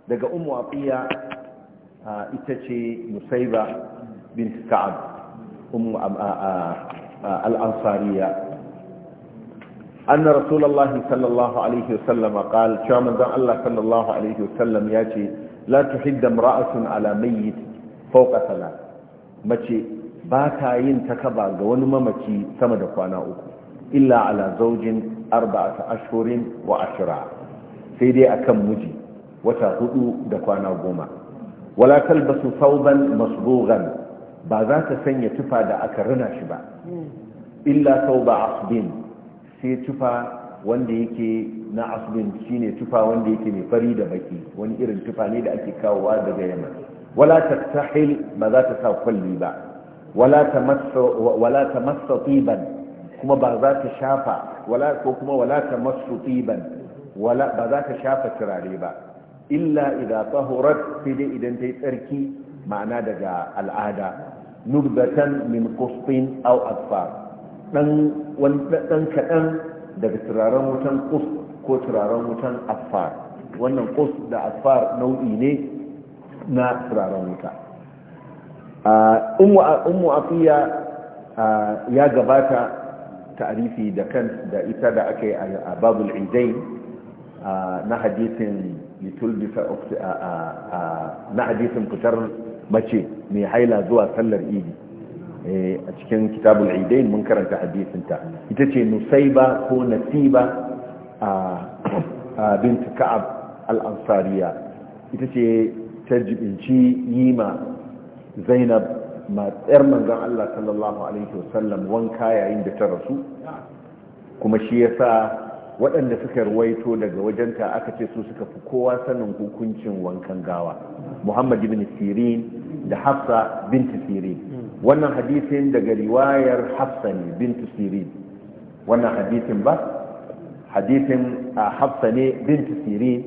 دقى أم عطية إتتي آه، مصيبة بنت كعب أم آه، آه، الأنصارية أن رسول الله صلى الله عليه وسلم قال شو من الله صلى الله عليه وسلم يأتي لا تحد امرأة على ميت fauka sala mace ba ta yin takaba ga wani mamaci sama da kwana uku illa ala zaujin arba'ata ashhurin wa ashira sai dai akan miji wata hudu da kwana goma wala talbasu thawban masbughan ba za ta sanya tufa da aka rina shi ba illa thawba asbin sai tufa wanda yake na asbin shine tufa wanda yake mai fari da baki wani irin tufa ne da ake kawowa daga yamma wala tattahil ba za ta sa kwalli ba wala ta masa tiban kuma ba za ta shafa wala ko kuma wala ta masu tiban ba za ta shafa turare ba illa idan tahurat sai dai idan ta yi tsarki ma'ana daga al'ada nubdatan min kustin au asfar dan kaɗan daga turaren wutan kus ko turaren wutan asfar wannan kus da asfar nau'i ne na turaren wuta ummu afiya ya gabata ta'arifi da kan da ita da aka yi a babul idai na hadisin na hadisin fitar mace mai haila zuwa sallar idi e, a cikin kitabul idai mun karanta hadisinta ita ce nusaiba ko nasiba a bint ka'ab al-ansariya ita ce ta jibinci yi ma zainab matsayar manzan Allah sallallahu Alaihi wasallam wanka yayin da ta rasu kuma shi ya sa waɗanda suka ruwaito daga wajenta aka ce su suka fi kowa sanin hukuncin wankan gawa muhammad ibn sirin da hafsa binti sirin wannan hadisin daga riwayar hafsa ne binti sirin wannan hadisin ba hadisin a hafsa ne binti sirin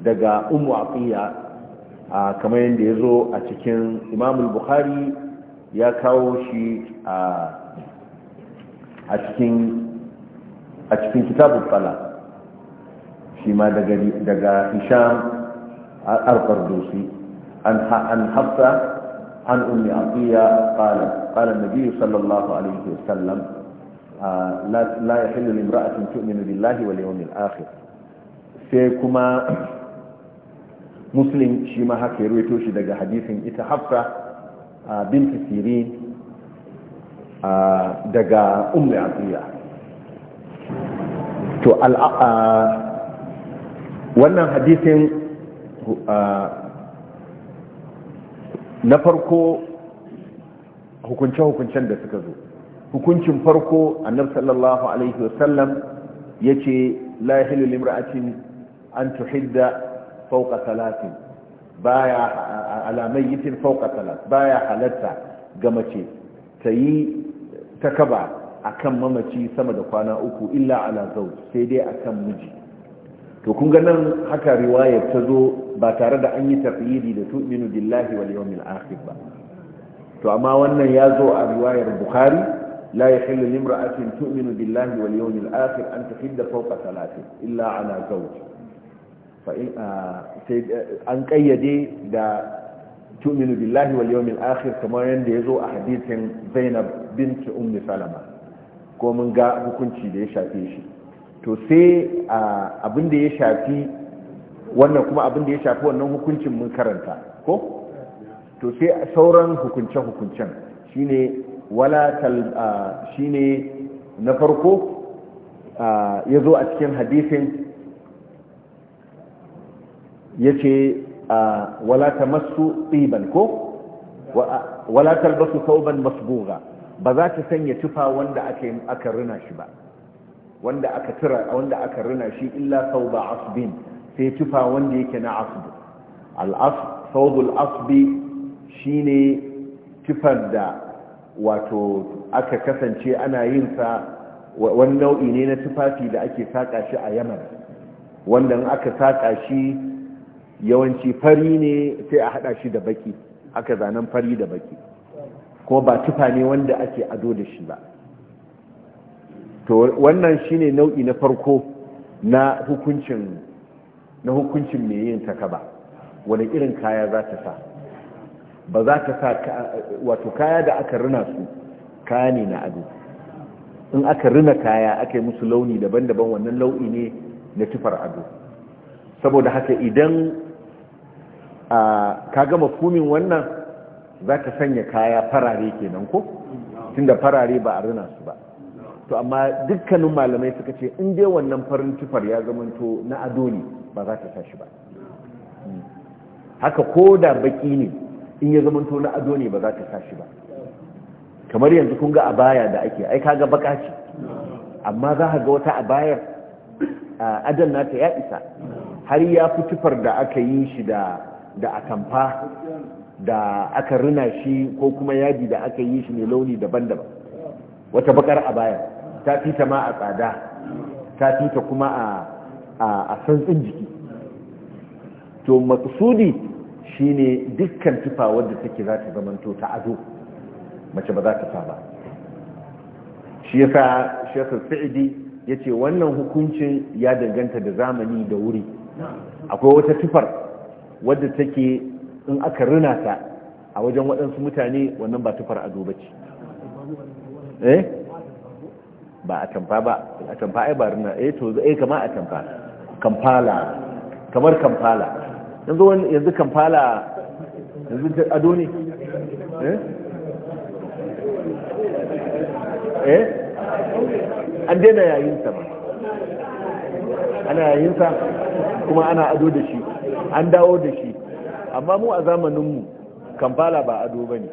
daga umu aqiya kamar yadda ya zo a cikin imamul bukhari ya kawo shi a cikin kitabun fala shi ma daga hisham al'arfar dosi an hafsa an ummi aqiya qala qala an-nabi sallallahu alaihi wasallam la yahillu limra'atin tu'minu billahi wal yawmil akhir sai kuma muslim shi ma haka ya ruwaito shi daga hadisin ita hafsa bin sirin daga umar atiyya to wannan hadisin na farko hukunce-hukuncen da suka zo hukuncin farko annab sallallahu alaihi wasallam ya ce la yahilu limra'atin an tuhidda fauka talatin baya alamai yitin fauka talat baya halatta ga mace ta yi ta kaba akan mamaci sama da kwana uku illa ala zau sai dai akan miji to kun ga nan haka riwayar ta zo ba tare da an yi tafiyiri da tu'minu billahi wal yawmil akhir ba to amma wannan ya zo a riwayar bukhari la yahillu limra'atin tu'minu billahi wal yawmil akhir an tafidda fawqa thalathin illa ala zawj an kayyade da tu'minu billahi wal yawmil akhir kamar yanda yazo a hadisin Zainab bint Umm Salama ko mun ga hukunci da ya shafe shi to sai abin da ya shafi wannan kuma abin da ya shafi wannan hukuncin mun karanta ko to sai sauran hukunce hukuncen shine wala tal shine na farko yazo a cikin hadisin yace ah, wala tamassu tiban ko wala talbasu thawban masbugha ba za ta sanya tufa wanda aka aka rina shi ba wanda aka tira wanda aka rina shi illa ba asbin sai tufa wanda yake na asb al asb shi asbi shine tufar da wato aka kasance ana yin sa wani nau'i ne na tufafi da ake saka shi a yaman wanda aka saka shi yawanci fari ne sai a hada shi da baki aka zanen fari da baki kuma ba tufa ne wanda ake ado da shi ba to wannan shine nau'i na farko na hukuncin na hukuncin mai yin takaba wani irin kaya za ta sa ba za ta sa wato kaya da aka rina su kaya ne na ado in aka rina kaya aka yi musu launi daban-daban wannan launi ne na tufar ado saboda haka idan ka gama kumin wannan za ka sanya kaya farare kenan ko tunda farare ba a rina su ba to amma dukkanin malamai suka ce in dai wannan farin tufar ya zamanto na ado ne ba za ta tashi ba hmm. haka ko da baki ne in ya zamanto na ado ne ba za ta tashi ba kamar yanzu kun ga abaya da ake ai kaga baka ce amma za ka ga wata abayar adan nata ya isa har ya fi tufar da aka yi shi da da atamfa da aka rina shi ko kuma yadi da aka yi shi mai launi daban-daban wata bakar a baya ta fita ma a tsada ta fita kuma a a santsin jiki to maksudi shine dukkan tufa wadda take za ta zamanto ta ado mace ba za ta sa ba shi yasa shekar sa'idi ya ce wannan hukuncin ya danganta da zamani da wuri akwai wata tufar wadda take in aka rina ta a wajen waɗansu mutane wannan ba tufar ado ba ce eh ba a tamfa ba a tamfa ai ba rina eh to eh kama a tamfa kamfala kamar kamfala yanzu wani yanzu kamfala yanzu ado ne eh eh an daina yayin sa ba ana yayin sa kuma ana ado da shi an dawo da shi amma mu a zamaninmu kamfala ba ado ba ne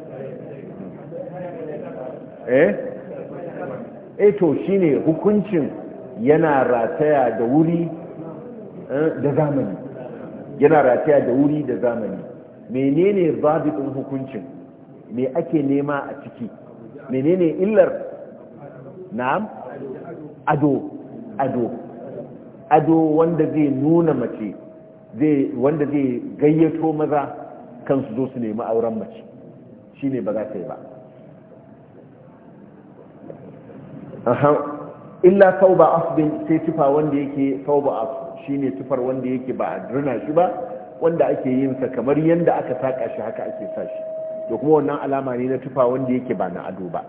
eh eto eh shine hukuncin yana rataya da wuri eh, da zamani yana rataya da wuri da zamani menene zabitin hukuncin me ake nema a ciki menene illar na'am ado ado ado wanda zai nuna mace wanda zai gayyato maza kansu zo su nemi auren mace shi ne ba za ta yi ba illa tauba asbin sai tufa wanda yake tauba shi shine tufar wanda yake ba a adrina shi ba wanda ake yin sa kamar yadda aka saka shi haka ake sa shi to kuma wannan alama ne na tufa wanda yake ba na ado ba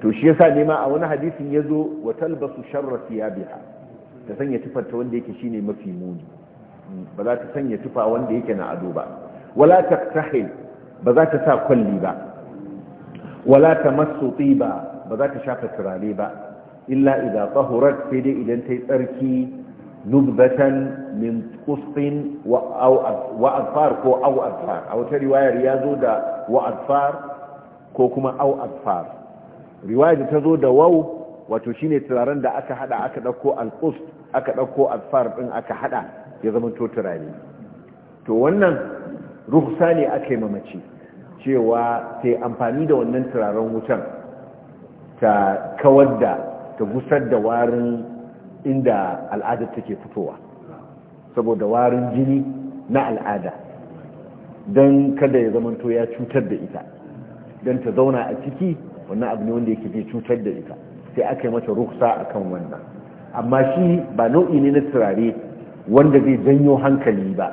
to shi yasa ne a wani hadisin ya zo wa talbasu ya biya ta sanya tufar ta wanda yake shine mafi muni ba za ta sanya tufa wanda yake na ado ba wala taktahil ba za ta sa kwalli ba wala tamassu tiba ba za ta shafa turare ba illa idza tahurat sai dai idan tayi tsarki nubatan min qustin wa wa azfar ko aw azfar a wata riwaya ya zo da wa azfar ko kuma aw azfar riwayar da ta zo da waw wato shine turaren da aka hada aka dauko al-qust aka dauko azfar din aka hada ya zama to turare to wannan ruhusa ne aka yi mamaci cewa ta amfani da wannan turaren wutan ta kawar da ta gusar da warin inda al'adar take fitowa saboda warin jini na al'ada don kada ya zamanto ya cutar da ita don ta zauna a ciki wannan abu ne wanda yake zai cutar da ita sai aka yi mata ruhusa a kan wannan amma shi ba nau'i ne na turare wanda zai janyo hankali ba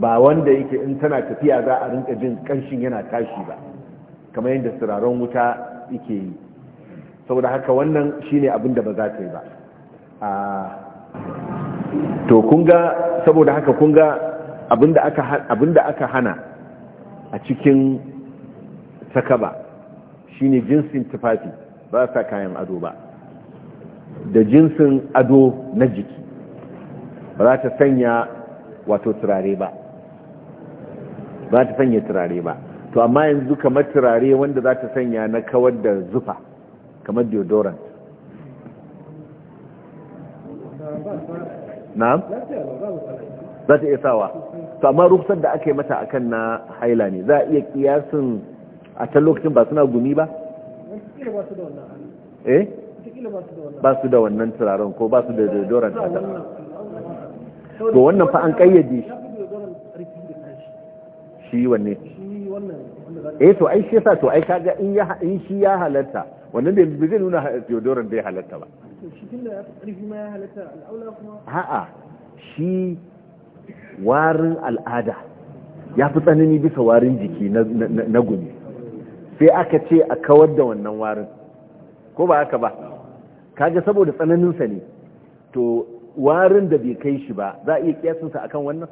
ba wanda yake in tana tafiya za a rinka jin kanshin yana tashi ba kamar yadda siraron wuta yake yi saboda haka wannan shine abin da ba za ta yi ba to kunga saboda haka kunga ga da da aka hana a cikin sakaba shine jinsin tufafi ba sa kayan ado ba da jinsin ado na jiki ba za ta sanya wato turare ba ba ta sanya turare ba to amma yanzu kamar turare wanda za ta sanya na kawar da zufa kamar deodorant na? za ta iya sawa to amma rufsar da aka yi mata akan na haila ne za a iya kiyasin a can lokacin ba suna gumi ba? eh? ba su da wannan turaren ko ba su da deodorant a to wannan fa an kayyade shi shi wanne eh to ai shi yasa to ai kaga in ya in shi ya halatta wannan bai bai nuna Theodoran bai halatta ba shi tunda ma ya halatta al'aula kuma a'a shi warin al'ada ya fi tsanani bisa warin jiki na gumi sai aka ce a kawar da wannan warin ko ba haka ba kaga saboda tsananinsa ne to warin da bai kai shi ba za a iya kiyasinsa a kan wannan?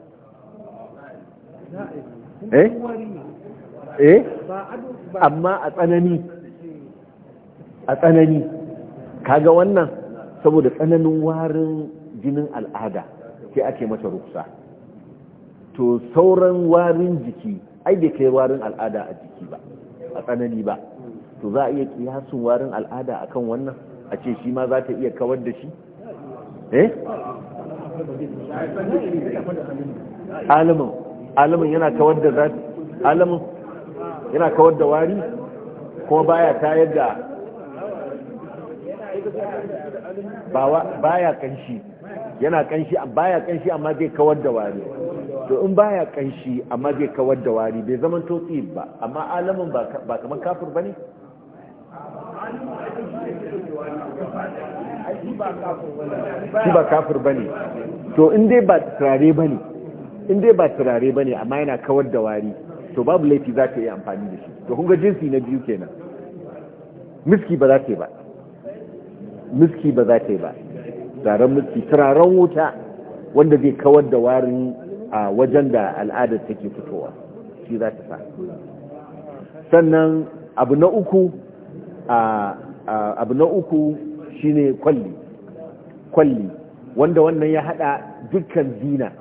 Eh? eh? amma a tsanani a tsanani kaga wannan saboda tsananin warin jinin al'ada sai ake mata ruksa to sauran warin jiki ai bai kai warin al'ada a jiki ba a tsanani ba to za a iya kiyasin warin al'ada akan wannan a ce shi ma za ta iya kawar da shi eh alimin alimin yana kawar da zafi alimin yana kawar da wari ko baya tayar da baya kanshi yana kanshi baya kanshi amma zai kawar da wari to in baya kanshi amma zai kawar da wari bai zama totsi ba amma alamin ba kamar kafir ne? shi ba kafir bane to in dai ba turare bane in dai ba turare bane amma yana kawar da wari to babu laifi za ka yi amfani da shi to kun ga jinsi na biyu kenan miski ba za ta yi ba miski ba za ta yi ba zaren miski turaren wuta wanda zai kawar da warin a wajen da al'adar take fitowa shi za ta sa sannan abu na uku abu na uku Shi kwalli kwalli wanda wannan ya hada dukkan zina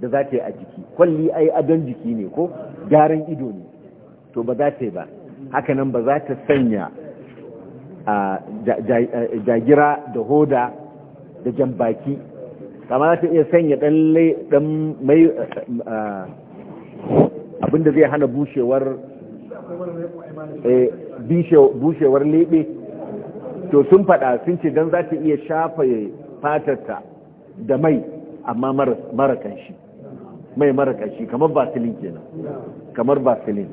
da za ta yi a jiki kwalli ai adon jiki ne ko gyaran ido ne to ba za ta yi ba hakanan ba za ta sanya jagira da hoda da jan baki kama za ta iya sanya dan mai abinda zai hana bushewar eh, bushewar lebe to sun faɗa sun ce don za ta iya shafa ta da mai amma mara kanshi mai mara kanshi kamar basilin kenan kamar basilin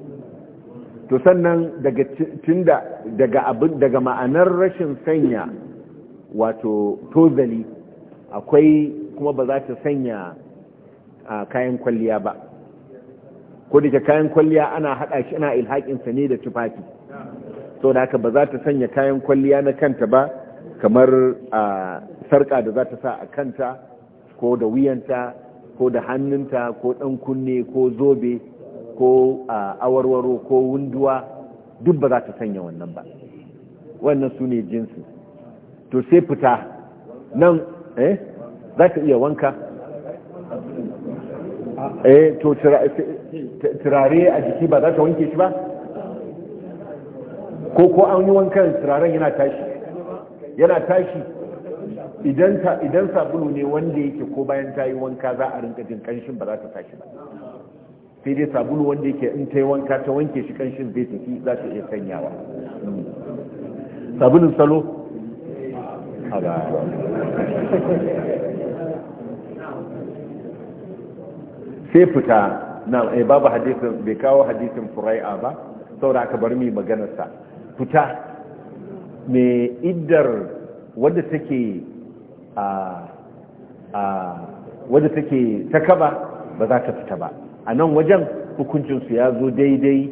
to sannan daga tunda daga abin daga ma'anar rashin sanya wato tozali akwai kuma ba za ta sanya kayan kwalliya ba ko da kayan kwalliya ana haɗa shi ana ilhaƙinsa ne da tufafi so da haka ba za ta sanya kayan kwalliya na kanta ba kamar a sarka da za ta sa a kanta ko da wuyanta ko da hannunta ko ɗan kunne ko zobe ko awarwaro ko wunduwa duk ba za ta sanya wannan ba wannan su ne jinsi to sai fita nan eh za ta iya wanka eh to turare a jiki ba za ta wanke shi ba ko ko an yi wankan turaren yana tashi yana tashi idan ta idan sabulu ne wanda yake ko bayan ta yi wanka za a rinka jin kanshin ba za ta tashi ba sai dai sabulu wanda yake in ta yi wanka ta wanke shi kanshin zai tafi za ta iya sanyawa sabulun salo sai fita na eh, babu hadisin bai kawo hadisin furai'a ba saboda aka bar mai maganarsa fita mai iddar wadda take a wadda take ta kaba ba za ta fita ba a nan wajen hukuncinsu ya zo daidai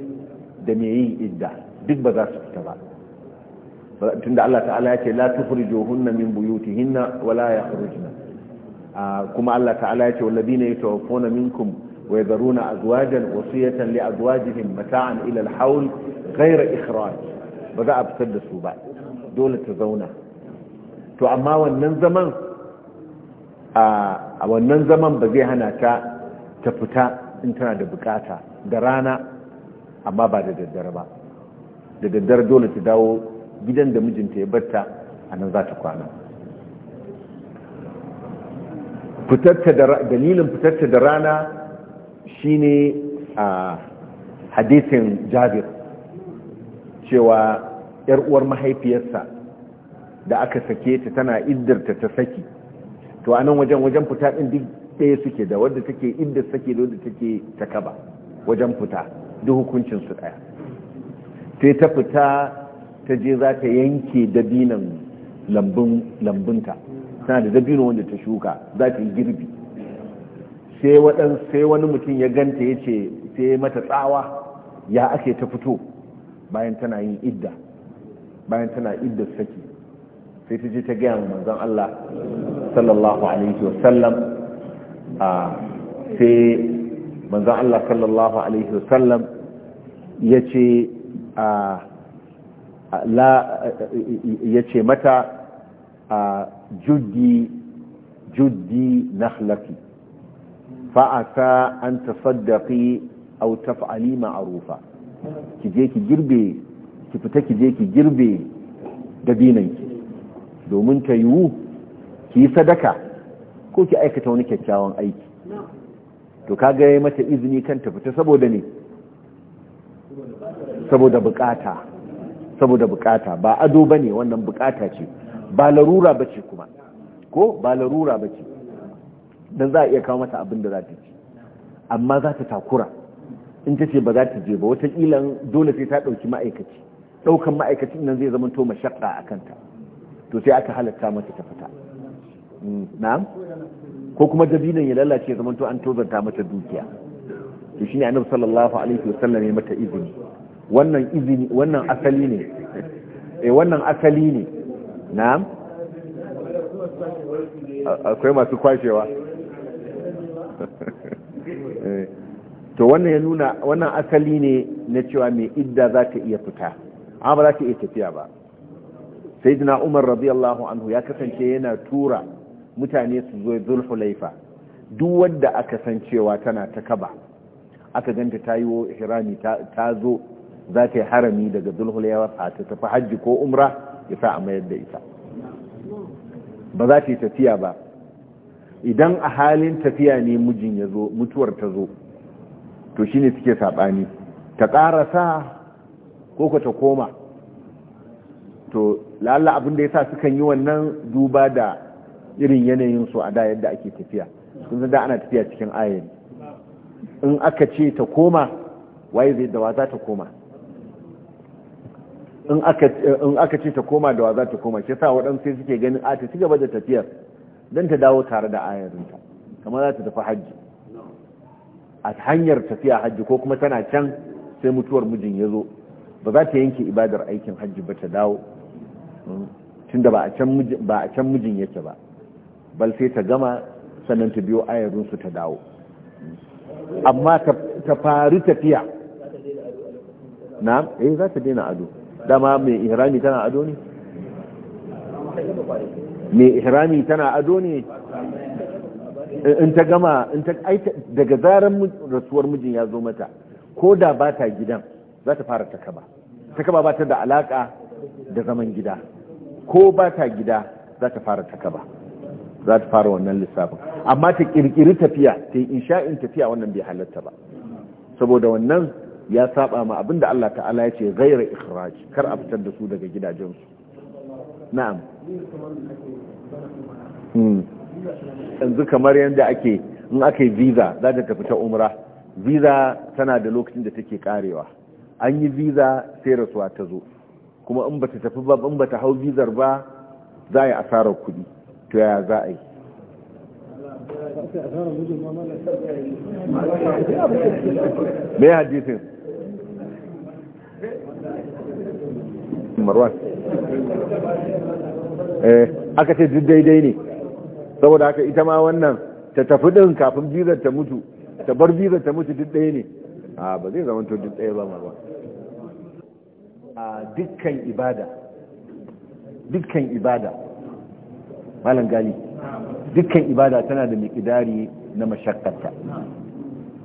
da mai yi idda duk ba za su fita ba tunda Allah ta'ala ya ce la tukhrijuhunna min buyutihinna wala yakhrujna kuma Allah ta'ala ya ce walladina yatawaffawna minkum wa yadharuna azwajan wasiyatan li azwajihim mata'an ila al-hawl ghayra ikhraj ba za a fitar da su ba dole ta zauna to amma wannan zaman a wannan zaman ba zai hana ta ta fita in tana da bukata da rana amma ba da daddare ba da daddare dole ta dawo gidan da mijinta ya batta a nan za ta kwana dalilin fitarta da rana shine a hadisin jabir cewa ‘yar uwar mahaifiyarsa da aka sake ta tana iddarta ta saki to a nan wajen wajen fita ɗin duk ɗaya suke da wadda take inda sake da wadda take ta kaba wajen fita duk hukuncin su ɗaya sai ta fita ta je za ta yanke dabinan lambunta tana da dabino wanda ta shuka za ta yi girbi sai wani mutum ya ganta ya ce sai mata tsawa ya ake ta fito bayan tana yin idda bayan tana idda saki sai ta je ta gaya wa manzon Allah sallallahu alaihi wasallam a sai manzon Allah sallallahu alaihi wa sallam ce a la ya ce mata a juddi juddi nakhlaki fa'asa an tasaddaqi aw taf'ali ma'rufa ki je ki girbe ki fita ki je ki girbe dabinanki domin ta yiwu ki yi sadaka ko ki aikata wani kyakkyawan aiki to ka gaya mata izini kan ta fita saboda ne saboda bukata saboda bukata ba ado ba ne wannan bukata ce ba larura ba ce kuma ko ba larura ba ce don za a iya kawo mata abin da za ta ci amma za ta takura in ta ce ba za ta je ba watakila dole sai ta ɗauki ma'aikaci ɗaukan ma'aikacin nan zai zama to mashaƙa a kanta to sai aka halatta mata ta fita mm, na'am ko kuma dabinan ya lalace zama to an tozanta mata dukiya to shine annabi sallallahu alaihi wasallam ya mata izini wannan izini wannan asali ne eh wannan asali ne na'am akwai masu kwashewa to wannan ya nuna wannan asali ne na cewa mai idda za ta iya fita amma ba za ta iya tafiya ba sai dina umar radiyallahu anhu ya kasance yana tura mutane su zo zulhulaifa duk wadda aka san cewa tana ta kaba aka ganta ta yi hirami ta zo za ta yi harami daga a ta tafi hajji ko umra ya sa a mayar da ita ba za ta yi tafiya ba idan a halin tafiya ne mijin ya zo mutuwar ta zo to shi ne suke saɓani ta ƙarasa ko ko ta koma to lalla abin da ya sa sukan yi wannan duba da irin yanayinsu a da yadda ake tafiya sun da ana tafiya cikin ayin in aka ce ta koma waye zai dawa za ta koma in aka ce ta koma dawa za ta koma shi sa waɗansu sai suke ganin a ta ci gaba da tafiyar don ta dawo tare da ta kamar za ta tafi hajji a hanyar tafiya hajji ko kuma tana can sai mutuwar mijin ya zo ba za ta yanke ibadar aikin hajji ba ta dawo hmm. da ba a can mijin yake ba bal sai ta gama sannan ta biyo su ta dawo hmm. amma ta fari tafiya na eh za ta daina ado dama mai ihrami tana ado ne mai ihrami tana ado ne in ta gama in ta daga zaran rasuwar mijin ya zo mata ko da ba ta gidan za ta fara takaba takaba ba ta da alaka da zaman gida ko ba ta gida za ta fara takaba za ta fara wannan lissafin amma ta kirkiri tafiya ta yi insha'in tafiya wannan bai halatta ba saboda wannan ya saba ma abinda Allah ta'ala ya ce gaira ikhraj kar a fitar da su daga gidajensu na'am hmm. yanzu kamar yadda ake in aka yi visa za ta tafi ta umra visa tana da lokacin da take karewa an yi visa sai rasuwa ta zo kuma in ba ta tafi ba in ba ta hau vizar ba za a yi asarar kuɗi to yaya za a yi mai hadisin marwan eh, aka ce duk daidai ne saboda haka ita ma wannan ta tafi din kafin bizar ta mutu ta bar bizar ta mutu duk ɗaya ne a ba zai zama to duk ɗaya ba ma ba a dukkan ibada dukkan ibada malam gali dukkan ibada tana da miƙidari na mashakkata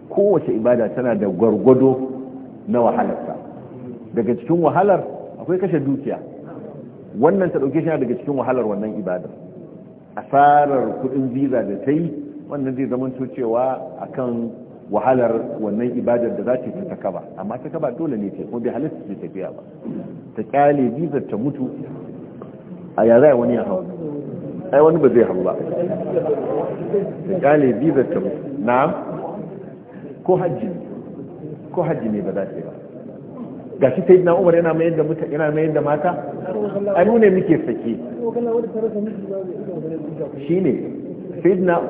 kowace ibada tana da gwargwado na wahalarsa daga cikin wahalar akwai kashe dukiya wannan ta ɗauke shi daga cikin wahalar wannan ibadar asarar kudin visa da ta yi wannan zai zama cewa kan wahalar wannan ibadar da za ta ta takaba amma takaba dole ne ce kuma bai halitta ce tafiya ba ta kyale visa ta mutu a ya wani ya hau ai wani ba zai hau ba ta kyale visa ta mutu na ko hajji ko hajji ne ba za ta yi ba ga shi yi na umar yana mayar da mata a nuna muke sake shi ne saidina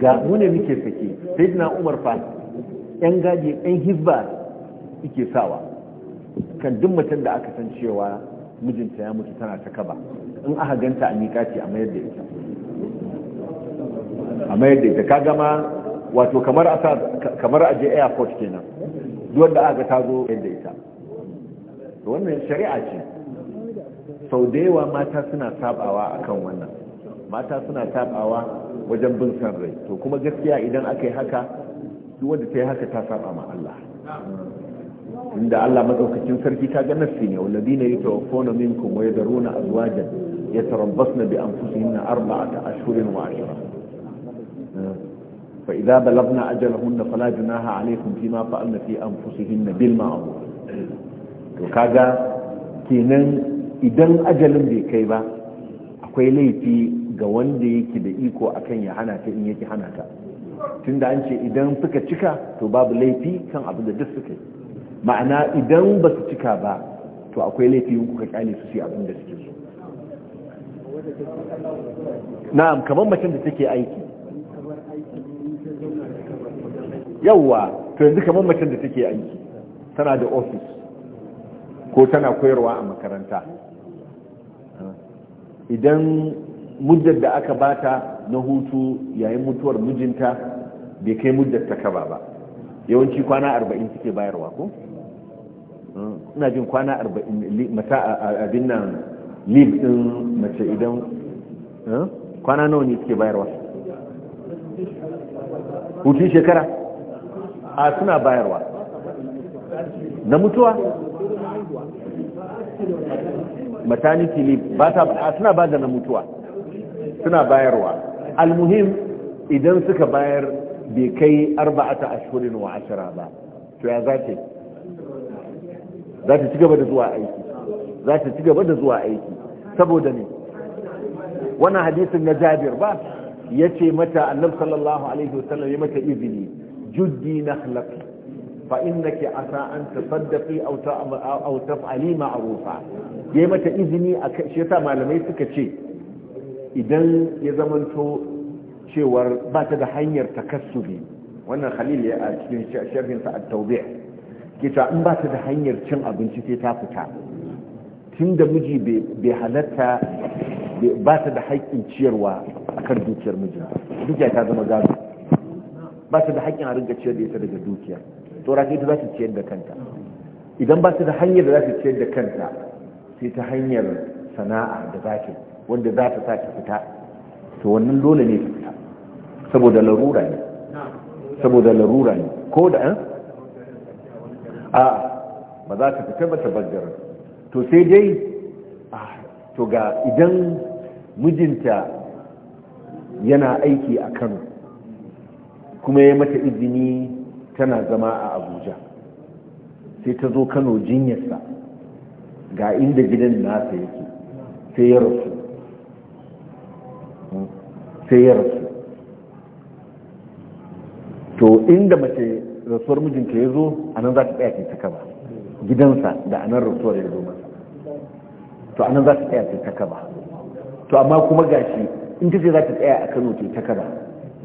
ga mune muke sake saidina umar fa yan gaji yan hizba suke sawa kan duk mutum da aka san cewa mijinta ya mutu tana ta kaba in aka ganta a miƙa ce a mayar da ita a mayar da ita ka gama wato kamar a je airport kenan duk wanda aka ta zo yadda ita wannan shari'a ce sau da yawa mata suna sabawa akan wannan mata suna sabawa wajen bin san rai to kuma gaskiya idan aka yi haka duk wanda ta yi haka ta saba ma Allah inda Allah madaukakin sarki ta ga nafsi ne walladina yatawaffawna minkum wa yadruna azwajan yatarabbasna bi anfusihinna arba'ata ashhurin wa ashra fa idza balagna ajalahunna fala junaha alaykum fima fa'alna fi anfusihinna bil ma'ruf to kaga kenan idan ajalin bai kai ba akwai laifi ga wanda yake da iko akan ya hana ta in yake hana ta tunda an ce idan suka cika to babu laifi kan abin da duk suka yi ma'ana idan ba su cika ba to akwai laifi yin kuka kyale su sai abin da suke so na'am kamar mutum da take aiki yawwa to yanzu kamar mutum da take aiki tana da ofis ko tana koyarwa a makaranta idan muddar da aka bata na hutu yayin mutuwar mijinta bai kai muddar ta kaba ba yawanci kwana arba'in suke bayarwa ko hmm, ina jin kwana arba'in mata abin nan lib din mace idan hmm, kwana nawa ne suke bayarwa hutun shekara a suna bayarwa na mutuwa maternity leave ba ta suna ba da na mutuwa suna bayarwa almuhim idan suka bayar bai kai arba'ata ashirin wa ashira ba to ya za ta za ta ci gaba da zuwa aiki za ta ci gaba da zuwa aiki saboda ne wannan hadisin na jabir ba ya ce mata annab sallallahu alaihi wasallam ya mata izini juddi na halakta fa innaki asa an tasaddaqi aw aw taf'ali ma'rufa yayi mata izini a kai shi yasa malamai suka ce idan ya zamanto cewar ba ta da hanyar takassubi wannan khalil ya a cikin sharhin sa at-tawbi' ta in ba ta da hanyar cin abinci sai ta fita tun da miji bai halatta ba ta da haƙƙin ciyarwa a kan dukiyar mijinta dukiya ta zama gado ba ta da haƙƙin a rinka ciyar da ita daga dukiya saura ta za ta ciyar da kanta idan ba su da hanyar da za su ciyar da kanta sai ta hanyar sana'a da za ta wanda za ta sa ta fita to wannan dole ne ta fita saboda larura ne saboda larura ne ko da an eh? a ba za ta fita ba ta baggarin to sai dai ah, to ga idan mijinta yana aiki a kano kuma ya mata izini tana zama a abuja sai ta zo kano jinyarsa ga inda gidan nasa yake sai ya rasu hmm. sai ya rasu to inda mace rasuwar mijinta ya zo a nan za ta tsaya ta kaba gidansa da a nan rasuwar ya zo masa to a nan za ta tsaya ta kaba to amma kuma gashi in ta ce za ta tsaya a kano ta kaba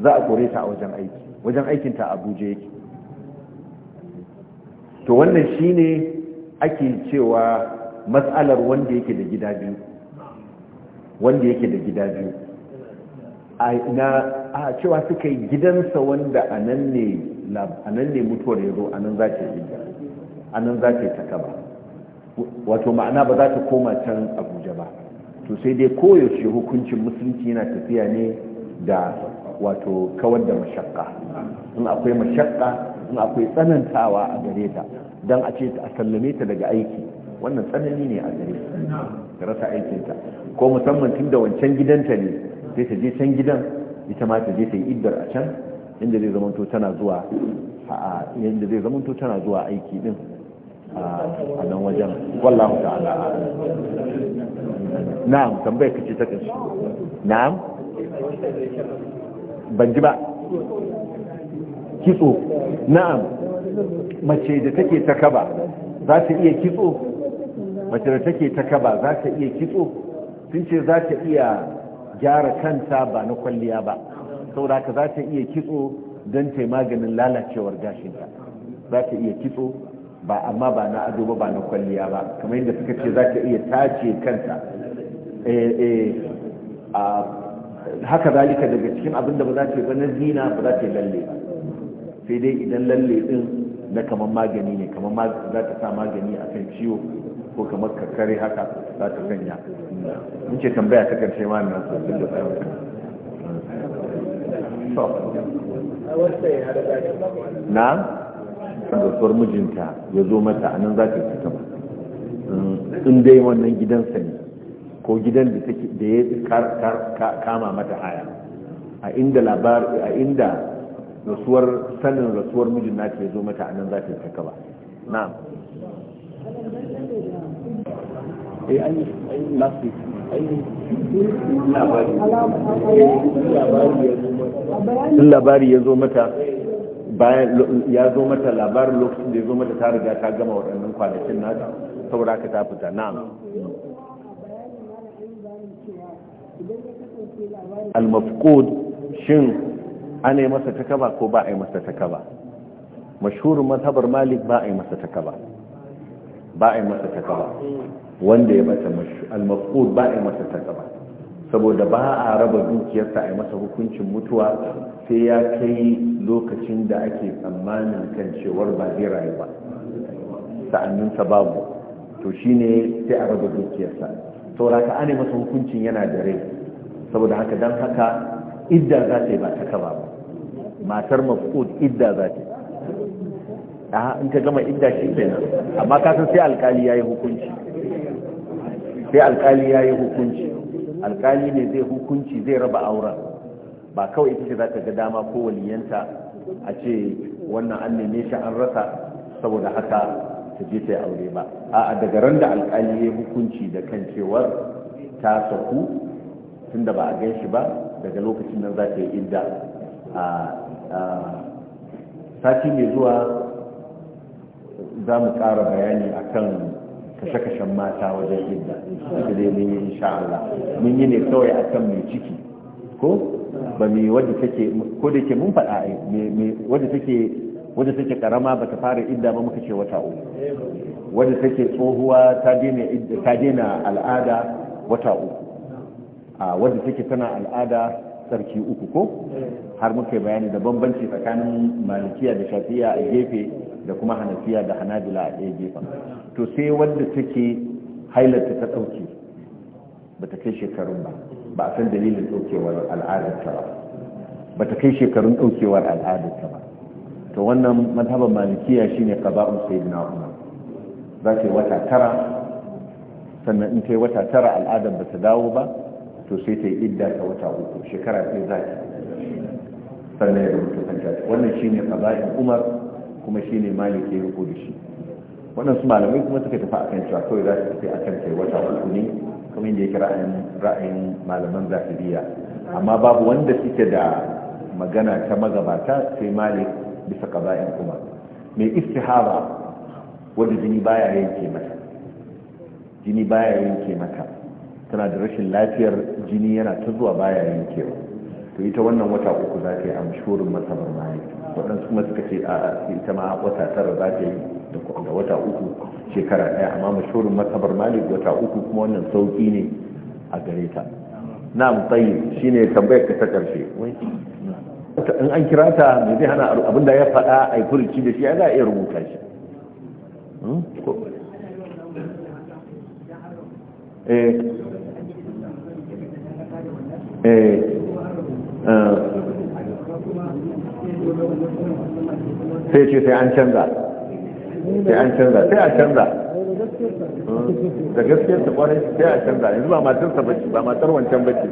za a kore ta a wajen aiki wajen aikinta a abuja yake to wannan shine ake cewa matsalar wanda yake da gida biyu wanda yake da gida biyu a cewa suka yi gidansa wanda a nan ne mutuwar ya zo a nan za ta yi a nan za ta yi ba wato ma'ana ba za ta koma can abuja ba to sai dai koyaushe hukuncin musulunci yana tafiya ne da wato kawar da mashakka in akwai mashakka in akwai tsanantawa a gare ta don a ce a sallame ta daga aiki wannan tsanani ne a gare ta rasa aikinta ko musamman tun da wancan gidanta ne sai ta je can gidan ita ma ta je ta yi iddar a can inda zai zamanto tana zuwa yadda zai zamanto tana zuwa aiki din a nan wajen wallahu ta'ala na'am tambayar kace ta kashi na'am ban ji ba kitso na'am mace da take ta kaba za ta iya kitso mace da take ta kaba za ta iya kitso sun ce za ta iya gyara kanta ba na kwalliya ba saboda ka za ta iya kitso don ta maganin lalacewar gashinta za ta iya kitso ba amma ba na ado ba ba na kwalliya ba kamar yadda suka ce za ta iya tace kanta eh, eh, haka zalika daga cikin abin da ba za ta yi ba na zina ba za ta yi lalle ba sai dai idan lalle din na kamar magani ne kamar za ta sa magani a kan ciwo ko kamar kakkare haka za ta sanya mun ce tambaya ta karshe ma na sosai da tsayon na rasuwar mijinta ya zo mata a nan za ta fita ba mm, in dai wannan gidansa ne ko gidan da da ya kama mata haya a inda labar a inda rasuwar sanin rasuwar mijin nata ya zo mata a nan za ta yi ta kaba na. eh sun labari ya zo mata bayan ya zo mata labarin lokacin da ya zo mata ta riga ta gama waɗannan kwanakin na saboda ka ta fita na. al-mafqud shin ana yi masa takaba ko ba a yi masa takaba mashhurin mazhabar malik ba a yi masa takaba ba a yi masa takaba wanda ya bata al-mafqud ba a yi masa takaba saboda ba a raba dukiyarsa a yi masa hukuncin mutuwa sai ya kai lokacin da ake tsammanin kan cewar ba zai rayu ba sa'anninsa babu to shine sai a raba dukiyarsa saboda ka ana masa hukuncin yana da rai saboda haka dan haka idda za ta yi ba takaba ba matar mafkud idda za ta yi. a in ka gama idda shi kenan amma ka sai alkali yi hukunci sai alkali yayi hukunci alkali ne zai hukunci zai raba auren ba kawai ita ce za ta ga dama ko waliyanta a ce wannan an neme shi an rasa saboda haka ta je ta yi aure ba a daga ran da alkali ya hukunci da kan cewar ta saku tunda ba a gan shi ba daga lokacin nan za ta yi idda a sati mai zuwa za mu ƙara bayani a kan kashe-kashen mata wajen idda da dai mun yi insha Allah mun yi ne kawai a kan mai ciki ko ba mai wadda take ko da ke mun faɗa ai wadda take wadda take karama ba ta fara idda ba muka ce wata uku wadda take tsohuwa ta daina ta daina al'ada wata uku a wadda take tana al'ada sarki uku ko har muka bayani da bambanci tsakanin malikiya da shafiya a gefe da kuma hanafiya da hanabila a ɗaya gefen to sai wanda take hailarta ta ɗauke ba ta kai shekarun ba ba a san dalilin ɗaukewar al'adarta ba ba ta kai shekarun ɗaukewar al'adarta ba to wannan mazhaban malikiya shine qada'un sayyidina umar za ta yi wata tara sannan in ta wata tara al'adar ba ta dawo ba to sai ta yi idda ta wata uku shekara sai za ta sannan ya rubuta kanta wannan shine qada'in Umar kuma shine Malik ya rubuta shi wannan su malamai kuma suka tafi akan cewa kawai za su tafi akan sai wata uku ne kuma inda yake ra'ayin ra'ayin malaman zahiriya amma babu wanda suke da magana ta magabata sai Malik bisa qada'in Umar mai istihara wanda jini baya yanke mata jini baya yanke mata tana da rashin lafiyar jini yana ta zuwa baya yankewa to ita wannan wata uku za ta yi amshurin masamar maye waɗansu kuma suka ce a ita ma wata tara za ta yi da wata uku shekara ɗaya amma mashurin masabar malik wata uku kuma wannan sauƙi ne a gare ta na'am tsayi shine tambayar ka ta ƙarshe in an kira ta mai zai hana abin da ya faɗa a yi furuci da shi ya za a iya rubuta shi hmm? eh eh sai ce sai an canza sai an canza sai a canza da gaskiyar ta kwarai sai a canza yanzu ba matarsa bace ba matar wancan bace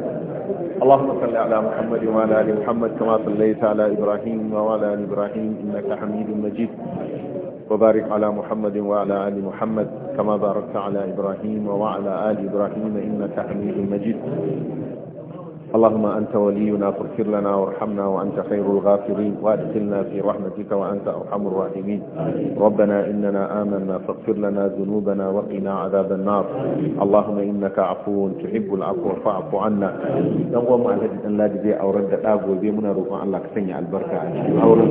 اللهم صل على محمد وعلى ال محمد كما صليت على ابراهيم وعلى ال ابراهيم انك حميد مجيد وبارك على محمد وعلى ال محمد كما باركت على ابراهيم وعلى ال ابراهيم انك حميد مجيد اللهم أنت ولينا فاغفر لنا وارحمنا وأنت خير الغافرين وأدخلنا في رحمتك وأنت أرحم الراحمين ربنا إننا آمنا فاغفر لنا ذنوبنا وقنا عذاب النار اللهم إنك عفو تحب العفو فاعف عنا دوام على أن لا جزي أو رد أبو زي من روح الله كسني البركة أولا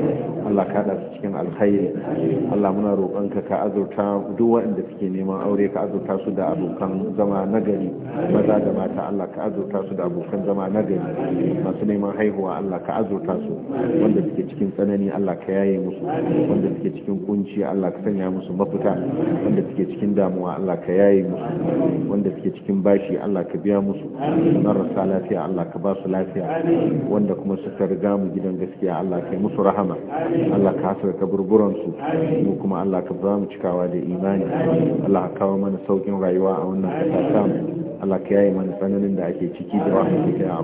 الله كذا سكين الخير الله من روح أنك كأذر تام دوا عند سكيني ما أوريك أذر تاسو دا أبو كان زمان نجري ماذا جماعة الله كأذر تاسو دا أبو كان زمان nagari masu neman haihuwa Allah ka azurta su wanda suke cikin tsanani Allah ka yaye musu wanda suke cikin kunci Allah ka sanya musu mafita wanda suke cikin damuwa Allah ka yaye musu wanda suke cikin bashi Allah ka biya musu marasa lafiya Allah ka ba su lafiya wanda kuma suka riga mu gidan gaskiya Allah ka yi musu rahama Allah ka hasar ka burburan su mu kuma Allah ka ba mu cikawa da imani Allah ka kawo mana saukin rayuwa a wannan kasa Allah ka yaye mana tsananin da ake ciki da a.